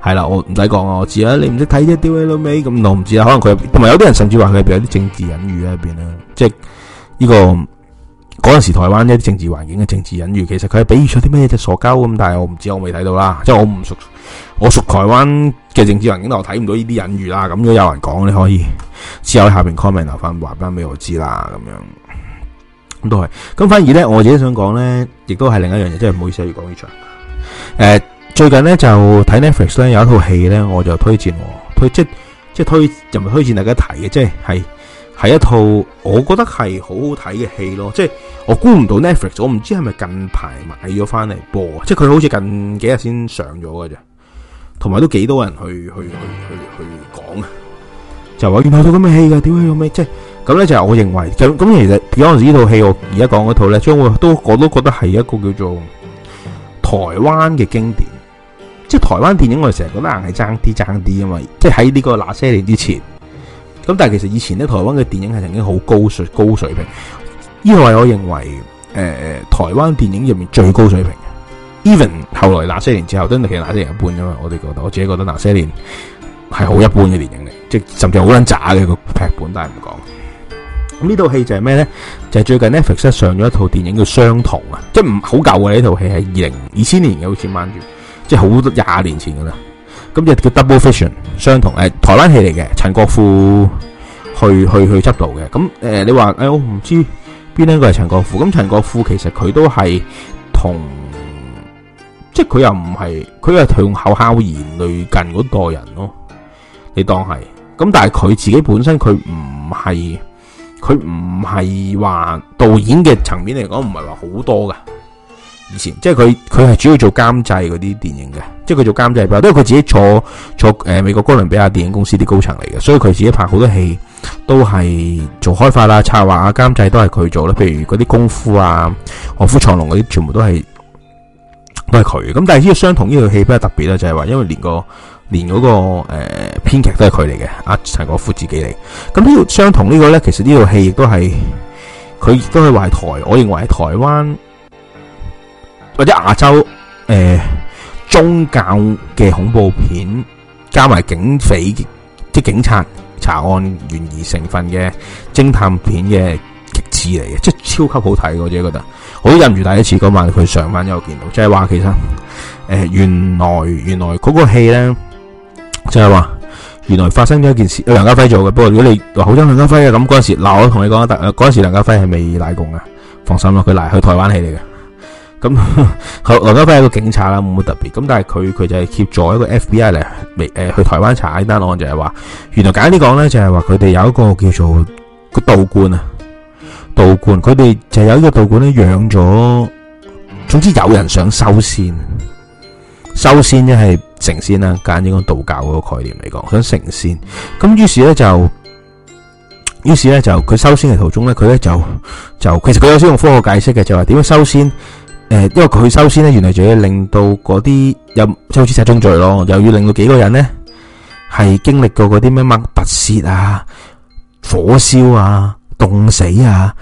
係啦，我唔使講啊，我知啊，你唔識睇啫，屌你老味咁，我唔知啦，可能佢同埋有啲人甚至話佢入邊有啲政治隱喻喺入邊啊，即係、這、呢個。嗰陣時，台灣一啲政治環境嘅政治隱喻，其實佢係比喻出啲咩啫？傻鳩咁，但係我唔知，我未睇到啦。即係我唔熟，我熟台灣嘅政治環境，但我睇唔到呢啲隱喻啦。咁如果有人講，你可以之後喺下面 comment 留翻話翻俾我知啦。咁樣咁都係。咁反而咧，我自己想講咧，亦都係另一樣嘢，即係唔好意思要講咁長。誒、呃，最近咧就睇 Netflix 咧有一套戲咧，我就推薦我，推即即推，就唔推薦大家睇嘅，即係係。係一套我覺得係好好睇嘅戲咯，即係我估唔到 Netflix，我唔知係咪近排買咗翻嚟播，即係佢好似近幾日先上咗嘅啫，同埋都幾多人去去去去去講，就話原來有咁嘅戲嘅，點解有咩？即係咁咧就係、是、我認為咁咁，其實有陣時呢套戲我而家講嗰套咧，將會都我都覺得係一個叫做台灣嘅經典，即係台灣電影我哋成日覺得硬係爭啲爭啲啊嘛，即係喺呢個那些年之前。咁但係其實以前咧，台灣嘅電影係曾經好高水高水平，呢個係我認為誒、呃、台灣電影入面最高水平。Even 後來那些年之後，真係其實那些年一般啫嘛，我哋覺得，我自己覺得那些年係好一般嘅電影嚟，即係甚至好撚渣嘅個劇本。但係唔講。咁呢套戲就係咩咧？就係、是、最近 Netflix 上咗一套電影叫《雙瞳》啊，即係唔好舊嘅呢套戲係二零二千年嘅，好似慢住，即係好廿年前噶啦。咁就叫 Double Vision 相同，誒、呃，台灣戲嚟嘅，陳國富去去去執導嘅，咁，誒、呃，你話，誒、哎，我唔知邊一個係陳國富，咁陳國富其實佢都係同，即係佢又唔係，佢係同口靠言累近嗰代人咯，你當係，咁但係佢自己本身佢唔係，佢唔係話導演嘅層面嚟講唔係話好多噶。以前即係佢，佢係主要做監製嗰啲電影嘅，即係佢做監製，嘅。不過因為佢自己坐坐誒美國哥倫比亞電影公司啲高層嚟嘅，所以佢自己拍好多戲都係做開發啦、啊、策劃啊、監製都係佢做啦。譬如嗰啲功夫啊、臥虎藏龍嗰啲，全部都係都係佢。咁但係呢個相同呢套戲比較特別咧，就係、是、話因為連個連嗰、那個誒、呃、編劇都係佢嚟嘅，阿陳國富自己嚟。咁呢個相同個呢個咧，其實呢套戲亦都係佢亦都係話台，我認為喺台灣。或者亞洲誒、呃、宗教嘅恐怖片，加埋警匪、啲警察查案懸疑成分嘅偵探片嘅極致嚟嘅，即係超級好睇嘅，我自己覺得。好任住第一次嗰、那個、晚佢上翻咗，見到即係話其實誒、呃、原來原來嗰個戲咧，即係話原來發生咗一件事，由梁家輝做嘅。不過如果你好想梁家輝嘅、啊，咁嗰陣時我同你講得嗰陣時梁家輝係未拉共啊，放心啦，佢拉去台灣戲嚟嘅。咁，劉德輝係個警察啦，冇乜特別。咁但係佢佢就係協助一個 FBI 嚟，誒去台灣查呢單案，就係話原來簡單啲講咧，就係話佢哋有一個叫做個道觀啊，道觀佢哋就有一個道觀咧，養咗，總之有人想修仙，修仙即係成仙啦，簡單啲講道教嗰個概念嚟講，想成仙。咁於是咧就，於是咧就佢修仙嘅途中咧，佢咧就就其實佢有少用科學解釋嘅，就話點樣修仙。誒，因為佢去修仙咧，原來就要令到嗰啲有即好似七宗罪咯，又要令到幾個人咧係經歷過嗰啲咩乜拔舌啊、火燒啊、凍死啊、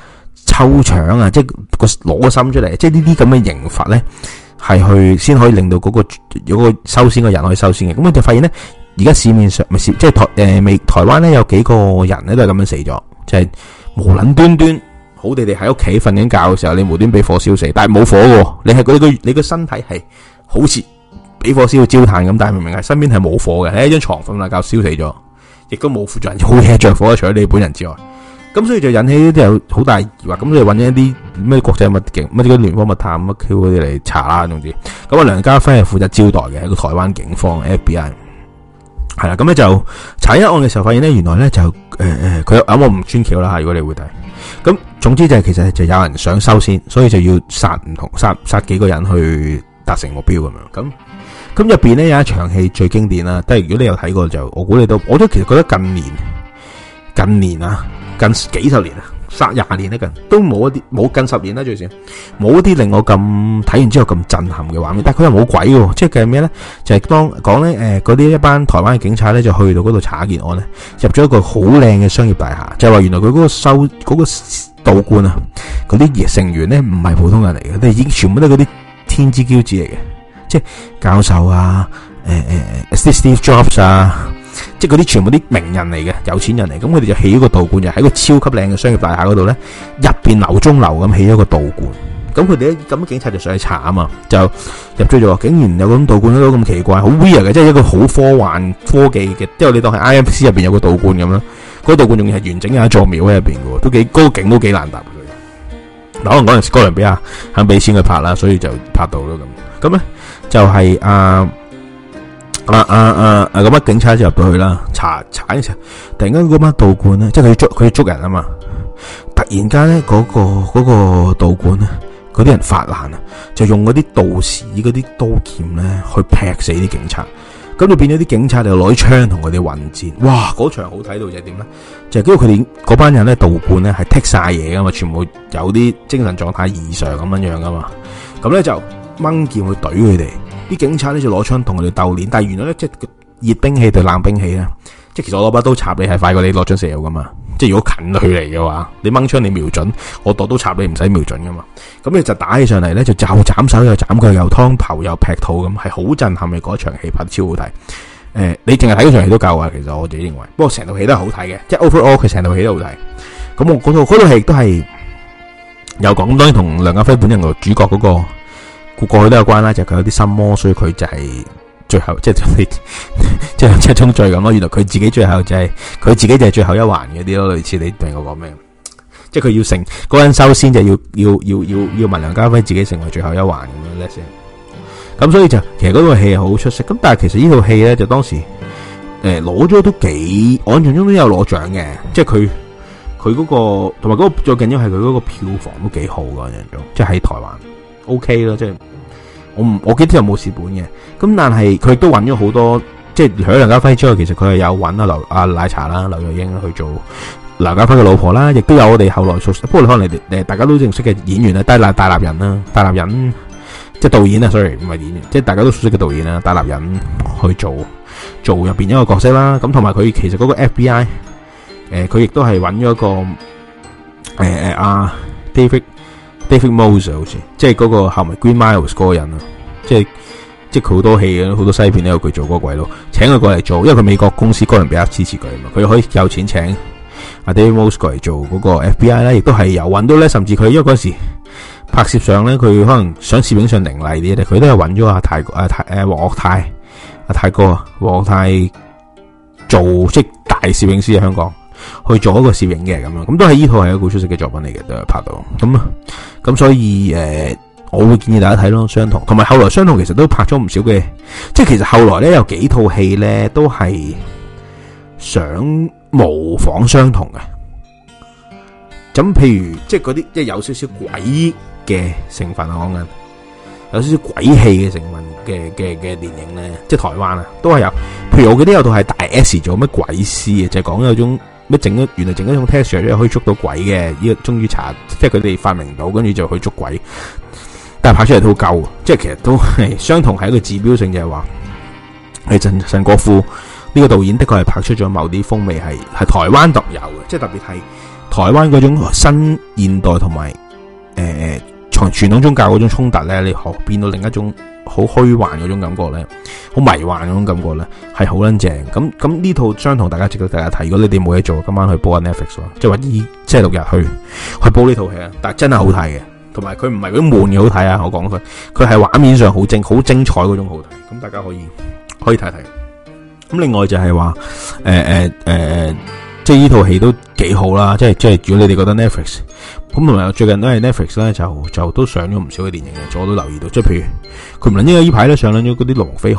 抽腸啊，即係個攞個心出嚟，即係呢啲咁嘅刑罰咧，係去先可以令到嗰、那個有個修仙嘅人可以修仙嘅。咁我就發現咧，而家市面上咪即係台誒、呃、未台灣咧有幾個人咧都係咁樣死咗，就係、是、無捻端端。好地地喺屋企瞓緊覺嘅時候，你無端端俾火燒死，但係冇火嘅，你係佢個你個身體係好似俾火燒焦炭咁，但係明明啊，身邊係冇火嘅，喺一張床瞓啦，覺燒死咗，亦都冇負責人，好嘢着火，除咗你本人之外，咁所以就引起呢啲好大疑惑，咁你揾咗一啲咩國際物警乜啲嘅聯邦物探乜 Q 嗰啲嚟查啦，總之咁啊。梁家輝係負責招待嘅，係個台灣警方 F B I 係啦，咁咧就查一案嘅時候，發現咧原來咧就誒誒，佢、呃、有啱我唔轉橋啦吓，如果你會睇。咁總之就係、是、其實就有人想收先，所以就要殺唔同殺殺幾個人去達成目標咁樣。咁咁入邊咧有一場戲最經典啦，但係如果你有睇過就，我估你都我都其實覺得近年近年啊近幾十年啊。殺廿年一個人，都冇一啲冇近十年啦最少，冇一啲令我咁睇完之後咁震撼嘅畫面。但係佢又冇鬼喎，即係叫咩咧？就係、是就是、當講咧，誒嗰啲一班台灣嘅警察咧，就去到嗰度查案咧，入咗一個好靚嘅商業大廈，就話、是、原來佢嗰個收嗰、那個道觀啊，嗰啲成員咧唔係普通人嚟嘅，都係已經全部都嗰啲天之驕子嚟嘅，即、就、係、是、教授啊，誒誒誒 assistive jobs 啊。即係嗰啲全部啲名人嚟嘅，有錢人嚟，咁佢哋就起一個道館，就喺個超級靚嘅商業大廈嗰度咧，入邊樓中樓咁起一個道館，咁佢哋咧咁警察就上去查啊嘛，就入咗，竟然有嗰種道館都咁奇怪，好 weird 嘅，即係一個好科幻科技嘅，即係你當係 IFC 入邊有個道館咁啦，嗰個道館仲要係完整嘅一座廟喺入邊嘅，都幾高景都幾難搭嘅。嗱，可能嗰陣時哥倫比亞肯俾錢去拍啦，所以就拍到啦咁，咁咧就係啊。啊啊啊啊！嗰、啊、班、啊啊、警察就入到去啦，查查嘅時候，突然間嗰班道館咧，即係佢捉佢捉人啊嘛。突然間咧、嗰個，嗰、嗰個個道館咧，嗰啲人發難啊，就用嗰啲道士嗰啲刀劍咧去劈死啲警察。咁就變咗啲警察就攞槍同佢哋混戰。哇！嗰場好睇到就係點咧？就係因為佢哋嗰班人咧，道館咧係剔晒嘢噶嘛，全部有啲精神狀態異常咁樣樣噶嘛。咁咧就掹劍去懟佢哋。啲警察咧就攞槍同佢哋鬥練，但係原來咧，即係熱兵器對冷兵器咧，即係其實我攞把刀插你係快過你攞槍射我噶嘛，即係如果近佢嚟嘅話，你掹槍你瞄準，我度刀插你唔使瞄準噶嘛，咁你就打起上嚟咧就又斬手又斬腳又湯頭又劈肚咁，係好震撼嘅。嗰場戲拍得超好睇，誒、呃，你淨係睇嗰場戲都夠啊，其實我自己認為，不過成套戲都係好睇嘅，即係《Overall 佢成套戲都好睇，咁我嗰套嗰套戲都係有講當然同梁家輝本人個主角嗰、嗰個。過去都有關啦，就佢，是，有啲心魔，所以佢就係最後即係即係即係七宗罪咁咯。原來佢自己最後就係，是，佢自己就係最後一環嗰啲咯，類似你對我講咩，即係佢要成嗰，那個，人收先，就是，要要要要要問梁家輝自己成為最後一環咁咧先。咁所以就其實嗰套戲係好出色。咁但係其實呢套戲咧就當時誒攞咗都幾，我印象中都有攞獎嘅，即係佢佢嗰個同埋嗰個最緊要係佢嗰個票房都幾好噶，我印象中即係喺台灣 OK 啦，即係。我我唔記得有冇蝕本嘅，咁但係佢都揾咗好多，即係除咗梁家輝之外，其實佢係有揾阿劉阿奶茶啦、劉若英去做梁家輝嘅老婆啦，亦都有我哋後來熟悉，不過可能你哋誒大家都認識嘅演員啦，戴立戴立人啦，戴立人即係、就是、導演啊，sorry 唔係演員，即、就、係、是、大家都熟悉嘅導演啊。戴立人去做做入邊一個角色啦，咁同埋佢其實嗰個 FBI，誒佢亦都係揾咗個誒誒阿 David Moser 好似，即係嗰個係咪 Green Miles 個人啊？即係即係佢好多戲啊，好多西片都有佢做嗰鬼佬，請佢過嚟做，因為佢美國公司哥倫比亞支持佢嘛，佢可以有錢請 David Moser 過嚟做嗰個 FBI 咧，亦都係有搵到咧，甚至佢因為嗰陣時拍攝上咧，佢可能想攝影上凌厲啲佢都係搵咗阿泰阿、啊、泰誒黃岳泰阿泰哥啊，黃、啊、岳泰組織大攝影師喺香港。去做一個攝影嘅咁樣，咁都係呢套係一個好出色嘅作品嚟嘅，都有拍到咁咁，所以誒、呃、我會建議大家睇咯。相同，同埋後來相同，其實都拍咗唔少嘅，即係其實後來咧有幾套戲咧都係想模仿相同嘅，咁譬如即係嗰啲即係有少少鬼嘅成分啊，講緊有少少鬼戲嘅成分嘅嘅嘅電影咧，即係台灣啊，都係有。譬如我記得有套係大 S 做乜鬼師啊，就講、是、有一種。咩整咗？原來整一種 test 嚟，即係可以捉到鬼嘅。依個終於查，即係佢哋發明到，跟住就去捉鬼。但係拍出嚟都好夠，即係其實都係相同，係一個指標性就係話。係陳陳國富呢個導演，的確係拍出咗某啲風味，係係台灣獨有嘅，即係特別係台灣嗰種新現代同埋誒。呃同傳統宗教嗰種衝突咧，你學變到另一種好虛幻嗰種感覺咧，好迷幻嗰種感覺咧，係好撚正。咁咁呢套相同大家值得大家睇。如果你哋冇嘢做，今晚去播 Netflix 咯，即係話咦，即係六日去去播呢套戲啊。但係真係好睇嘅，同埋佢唔係嗰啲悶嘅好睇啊。我講佢，佢係畫面上好精好精彩嗰種好睇。咁大家可以可以睇睇。咁另外就係話，誒誒誒。呃呃即係呢套戲都幾好啦，即係即係，如果你哋覺得 Netflix，咁同埋最近都係 Netflix 咧，就就都上咗唔少嘅電影嘅，我都留意到，即係譬如佢唔能呢個呢排咧上咗嗰啲《黃飛鴻》，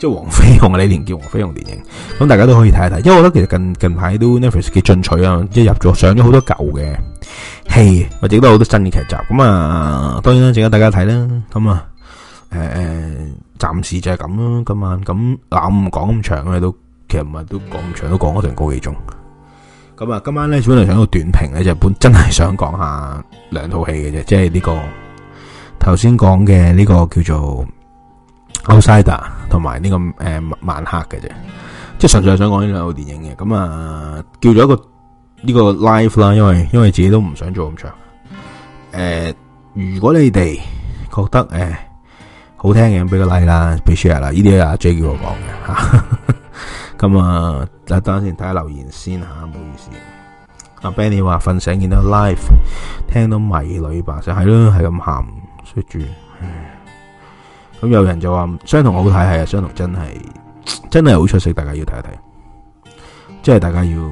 即係《黃飛鴻》啊，李連杰《黃飛鴻》電影，咁大家都可以睇一睇，因為我覺得其實近近排都 Netflix 幾進取啊，即係入咗上咗好多舊嘅戲，或者都好多新嘅劇集，咁啊，當然啦，正解大家睇啦，咁啊，誒、呃，暫時就係咁啦，今晚咁我唔講咁長我哋都。其實唔係都講咁長，都講咗成個幾鐘。咁啊，今晚咧本來想上個短評咧，就是、本真係想講下兩套戲嘅啫，即係呢、這個頭先講嘅呢個叫做 Outsider,、這個《Outsider、呃》同埋呢個誒《曼克》嘅啫，即係純粹係想講呢兩套電影嘅。咁啊，叫咗一個呢、這個 live 啦，因為因為自己都唔想做咁長。誒、呃，如果你哋覺得誒、呃、好聽嘅，俾個 like 啦，俾 share 啦，呢啲阿 J 叫我講嘅。啊 咁啊，等等先睇下留言先吓，唔好意思。阿 Benny 話說瞓醒見到 LIVE，聽到迷女把聲，就係咯，係咁喊，說住咁有人就話相同好睇，係啊，相同真係真係好出色，大家要睇一睇。即係大家要要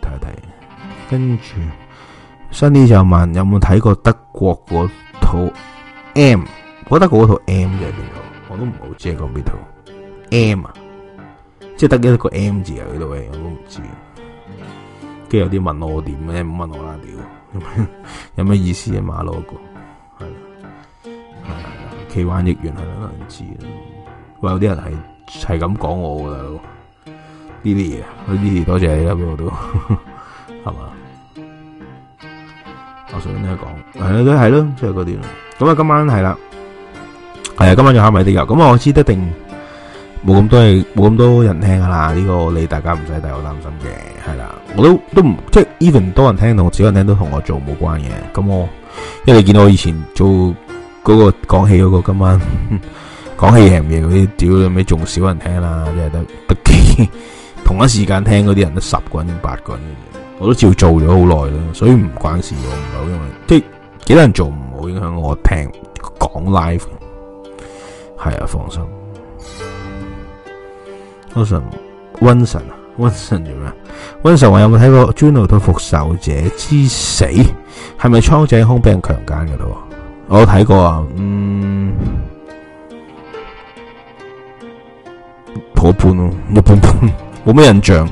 睇一睇。跟住，新呢就問有冇睇過德國嗰套 M？嗰個嗰套 M 在邊度？我都唔好知喺邊套。M 即係得一個 M 字啊！度我都唔知，跟住有啲問我點咧，唔問我啦，屌，有咩意思啊？馬路一個係係啊，企彎億元係咯，難知喂，有啲人係係咁講我噶咯，呢啲嘢啊，呢啲多謝你啦，嗰個都係嘛？我想咧講，係咯，係咯，即係嗰啲咯。咁啊，今晚係啦，係啊，今晚仲係蝦米的油。咁我知得定。冇咁多係冇咁多人聽噶啦，呢個你大家唔使對我擔心嘅，係啦，我都都唔即係 even 多人聽同少人聽都同我做冇關嘅，咁我因為你見到我以前做嗰個講戲嗰個今晚講戲係唔係嗰啲，屌你咪仲少人聽啦，即係得得幾同一時間聽嗰啲人都十個人八個人嘅，我都照做咗好耐啦，所以唔關事，我唔係好因為即係幾多人做唔好影響我聽講 live，係啊，放心。溫神啊，溫神做咩？溫神，我有冇睇過 Juno 同《復仇者之死》？係咪蒼井空俾人強奸嘅，我有睇過啊，嗯，好一般咯，一般般，冇咩印象。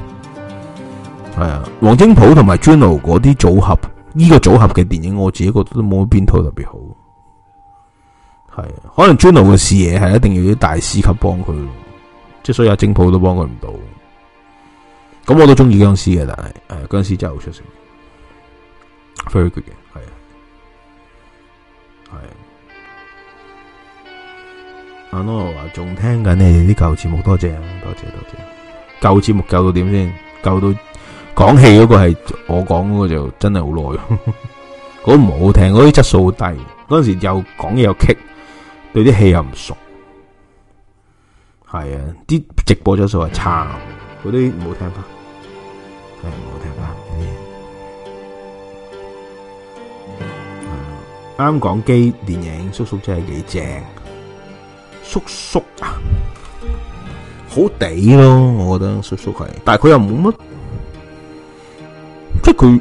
係啊，黃精甫同埋 Juno 嗰啲組合，呢個組合嘅電影，我自己覺得都冇邊套特別好。係啊，可能 Juno 嘅視野係一定要啲大師級幫佢。即所以阿政府都幫佢唔到，咁我都中意僵屍嘅，但係誒僵屍真係好出色，very good 嘅，係啊，係。阿 Nora 話仲聽緊你哋啲舊節目，多謝多謝多謝。舊節目舊到點先？舊到講戲嗰個係我講嗰個就真係好耐，嗰唔好聽，嗰啲質素好低。嗰陣時又講嘢又棘，對啲戲又唔熟。係啊，啲直播質素係差，嗰啲唔好聽翻啊，係唔好聽翻啊。啱講機電影，叔叔真係幾正，叔叔啊，好地咯，我覺得叔叔係，但係佢又冇乜，即係佢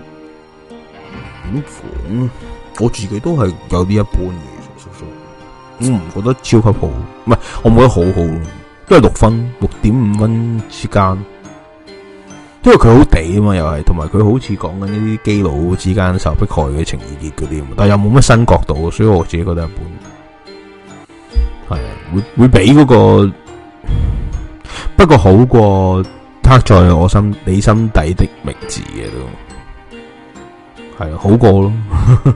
點講，我自己都係有啲一般嘅。叔叔，嗯，我唔覺得超級好，唔係，我冇得好好。都係六分，六點五分之間，因為佢好地啊嘛，又係，同埋佢好似講緊呢啲基佬之間受迫害嘅情意結嗰啲，但係又冇乜新角度，所以我自己覺得一般，係啊，會會畀嗰、那個，不過好過刻在我心你心底的名字嘅都，係啊，好過咯。呵呵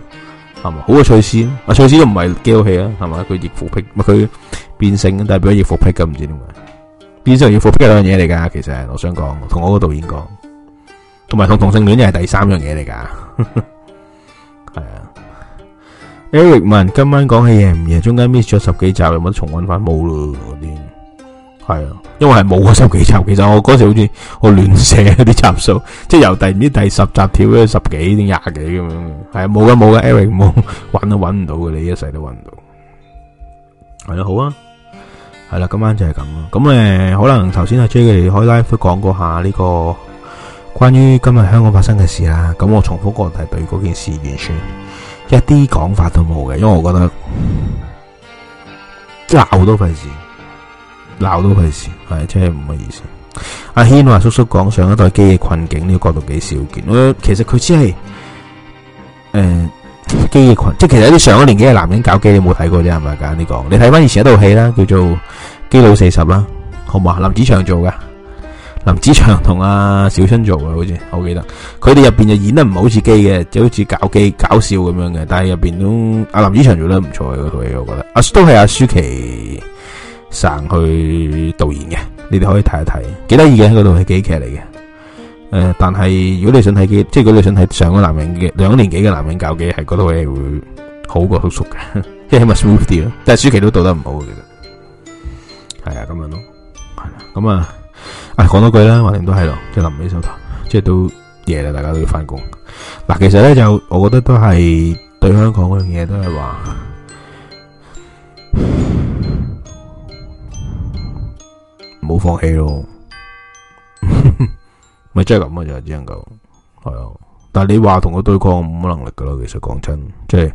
係嘛，好個翠絲，阿翠絲都唔係幾好戲啊，係嘛，佢易服癖，咪佢變性，但係變咗易服癖嘅，唔知點解變性同易服癖係兩樣嘢嚟噶。其實我想講，同我個導演講，同埋同同性戀又係第三樣嘢嚟噶。係啊，Eric 問今晚講起夜唔夜，中間 miss 咗十幾集，有冇得重温翻？冇啦嗰啲。係啊，因為係冇嗰十幾集，其實我嗰時好似我亂寫啲集數，即係由第唔知第十集跳咗十,十幾，定廿幾咁樣。係啊，冇噶冇噶，Eric 冇，搵都搵唔到嘅，你一世都搵唔到。係啊，好啊，係啦、啊，今晚就係咁咯。咁誒，可能頭先阿 J 佢哋，海拉夫講過一下呢個關於今日香港發生嘅事啦。咁我重複過，但係對嗰件事完全一啲講法都冇嘅，因為我覺得即係好多費事。啊鬧到佢事，係真係唔好意思。阿軒話叔叔講上一代基嘅困境呢個角度幾少見。誒、呃，其實佢只係誒基嘅群，即係其實啲上一年紀嘅男人搞基，這個，你冇睇過啫係咪？簡單啲講，你睇翻以前一套戲啦，叫做《基佬四十》啦，好唔好？林子祥做嘅，林子祥同阿小春做嘅，好似我記得，佢哋入邊就演得唔好似基嘅，就好似搞基搞笑咁樣嘅。但係入邊都阿林子祥做得唔錯嘅套戲，我覺得。阿都係阿舒淇，成去導演嘅，你哋可以睇一睇，的那裡是幾得意嘅喺嗰度係幾劇嚟嘅。誒、呃，但係如果你想睇幾，即係如果你想睇上個男人嘅兩年幾嘅男人搞嘅，係嗰套戲會好過好熟嘅，即 係起碼 smooth 啲咯。但係舒淇都導得唔好，其實係啊，咁樣咯，係啊，咁啊，誒、啊，講多句啦，反正都係咯，即係臨尾手頭，即係都夜啦，大家都要翻工。嗱，其實咧就，我覺得都係對香港嗰樣嘢都係話。 冇放棄咯，咪 真係咁啊，就只能夠係啊。但係你話同佢對抗冇能力噶喇。其實講真，即係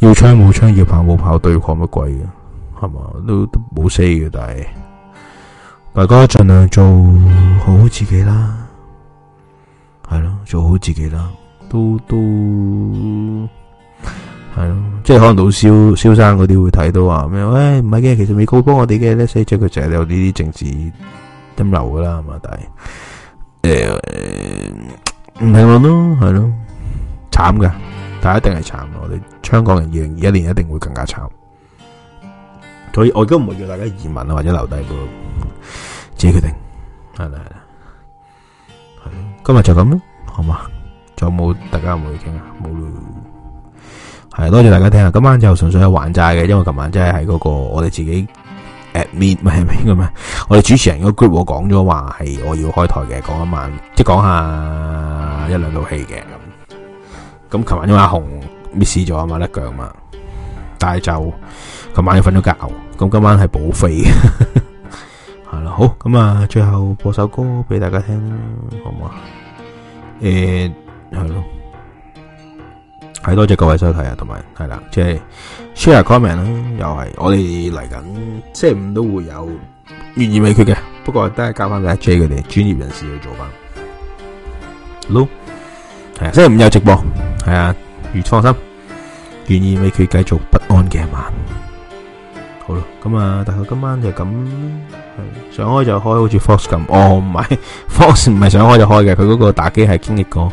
要槍冇槍，要炮冇炮，對抗乜鬼嘅係嘛？都都冇 say 嘅，但係大家盡量做好自己啦，係咯，做好自己啦，都都。係咯，即係可能老蕭蕭生嗰啲會睇到話咩？誒，唔係嘅，其實美國幫我哋嘅，呢四只佢成日有呢啲政治引流噶啦，係嘛？但係誒唔平衡咯，係咯，慘噶，但係一定係慘，我哋香港人二零二一年一定會更加慘。所以，我而家唔會叫大家移民啊，或者留低，自己決定。係啦係啦，係咯，今日就咁咯，好嘛？仲有冇？大家有冇要傾啊？冇。係多謝大家聽啊！今晚就純粹係還債嘅，因為琴晚真係喺嗰個我哋自己 admin 咪係咩嘅嘛？我哋主持人個 group 我講咗話係我要開台嘅，講一晚，即係講下一兩套戲嘅咁。咁琴晚因為阿紅 miss 咗啊嘛，甩腳啊嘛，但係就琴晚又瞓咗覺，咁今晚係補飛嘅，係啦。好，咁啊，最後播首歌俾大家聽好嘛？誒，係咯。係多謝各位收睇啊，同埋係啦，即係 share comment 啦，又係我哋嚟緊，星期五都會有懸而未決嘅，不過都係交翻俾阿 J 佢哋專業人士去做翻。Hello 係啊，星期五有直播，係啊，如放心，懸而未決，繼續不安嘅一晚。好啦，咁、嗯、啊、嗯嗯，大概今晚就咁係，想開就開，好似，oh、Fox 咁，哦，唔係 Fox 唔係想開就開嘅，佢嗰個打機係經歷過。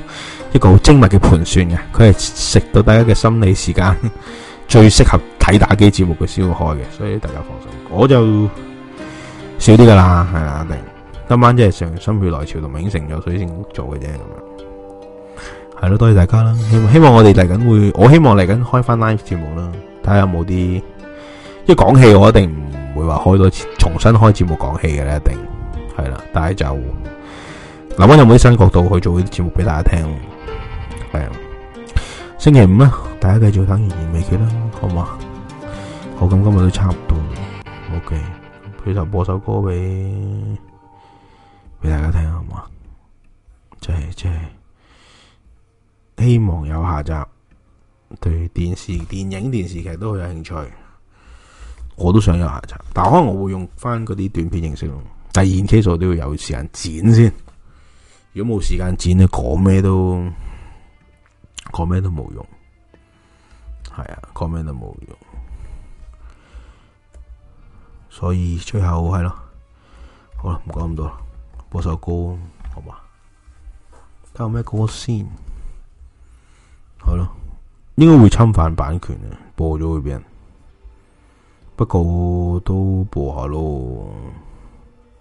一個好精密嘅盤算嘅，佢係食到大家嘅心理時間最適合睇打機節目嘅，先會開嘅。所以大家放心，我就少啲噶啦，係啦。一定今晚即係上心血來潮同影成咗，所以先做嘅啫。咁樣係咯，多謝大家啦。希望希望我哋嚟緊會，我希望嚟緊開翻 live 節目啦，睇下有冇啲。即講戲我一定唔會話開多重新開節目講戲嘅啦，一定係啦。但係就諗下有冇啲新角度去做啲節目俾大家聽。嗯星期五啊，大家繼續等完美決啦，好唔好？咁今日都差唔多，OK。佢就播首歌俾俾大家聽，好唔好？即係即係，希望有下集。對電視、電影、電視劇都好有興趣，我都想有下集。但我可能我會用翻嗰啲短片形式咯。但係現期所都要有時間剪先，如果冇時間剪，你講咩都～講咩都冇用，係啊，講咩都冇用，所以最後係咯，好啦，唔講咁多，播首歌好嘛？睇下咩歌先？好啦，應該會侵犯版權啊，播咗會俾人。不過都播下咯，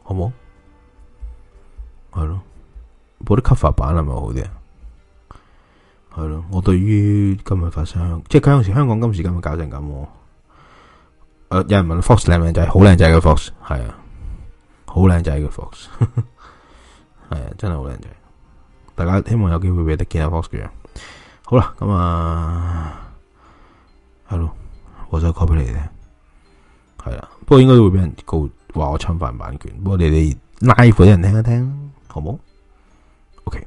好唔好？係咯，播啲 cover 版係咪好啲。係咯，我對於今日發生，即係嗰陣時香港今時今日搞成咁，誒，有人問 Fox 靚唔靚仔？好靚仔嘅 Fox，係啊，好靚仔嘅 Fox，係啊，真係好靚仔。大家希望有機會俾得見下 Fox 嘅樣。好啦，咁啊，Hello，我想 call 俾你哋聽，係啦。不過應該會俾人告，話我侵犯版權。不過你哋 live 俾人聽一聽，好冇？OK。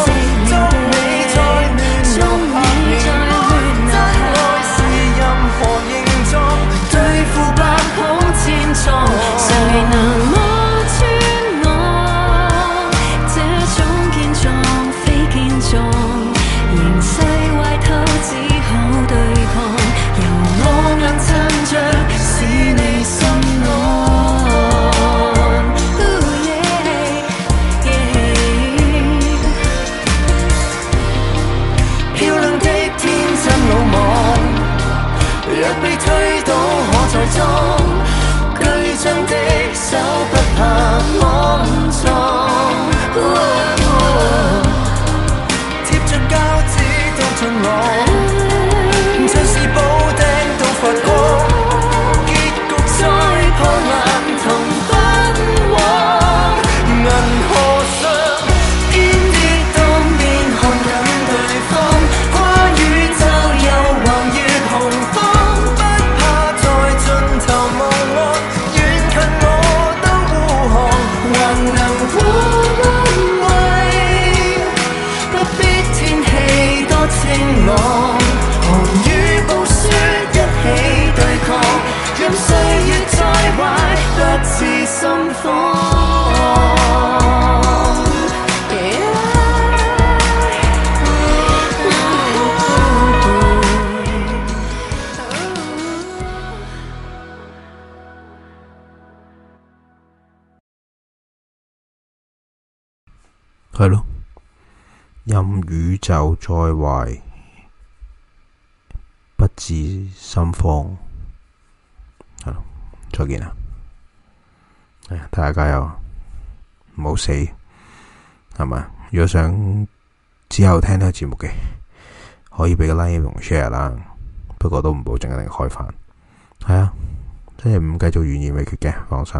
再壞，不止心慌。係、啊，再見啦！大、啊、家加油！冇死係嘛？若想之後聽呢個節目嘅，可以畀個 like 同 share 啦。不過都唔保證一定開翻。係啊，真係唔繼續懸而未決嘅，放心。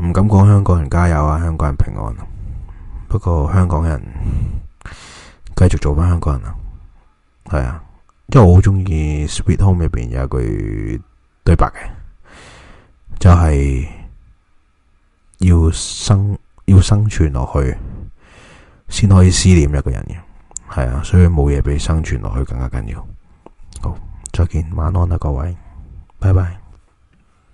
唔敢講香港人加油啊，香港人平安。不過香港人。繼續做翻香港人啊，係啊，因為我好中意《Sweet Home》入邊有一句對白嘅，就係、是、要生要生存落去，先可以思念一個人嘅，係啊，所以冇嘢比生存落去更加緊要。好，再見，晚安喇各位，拜拜。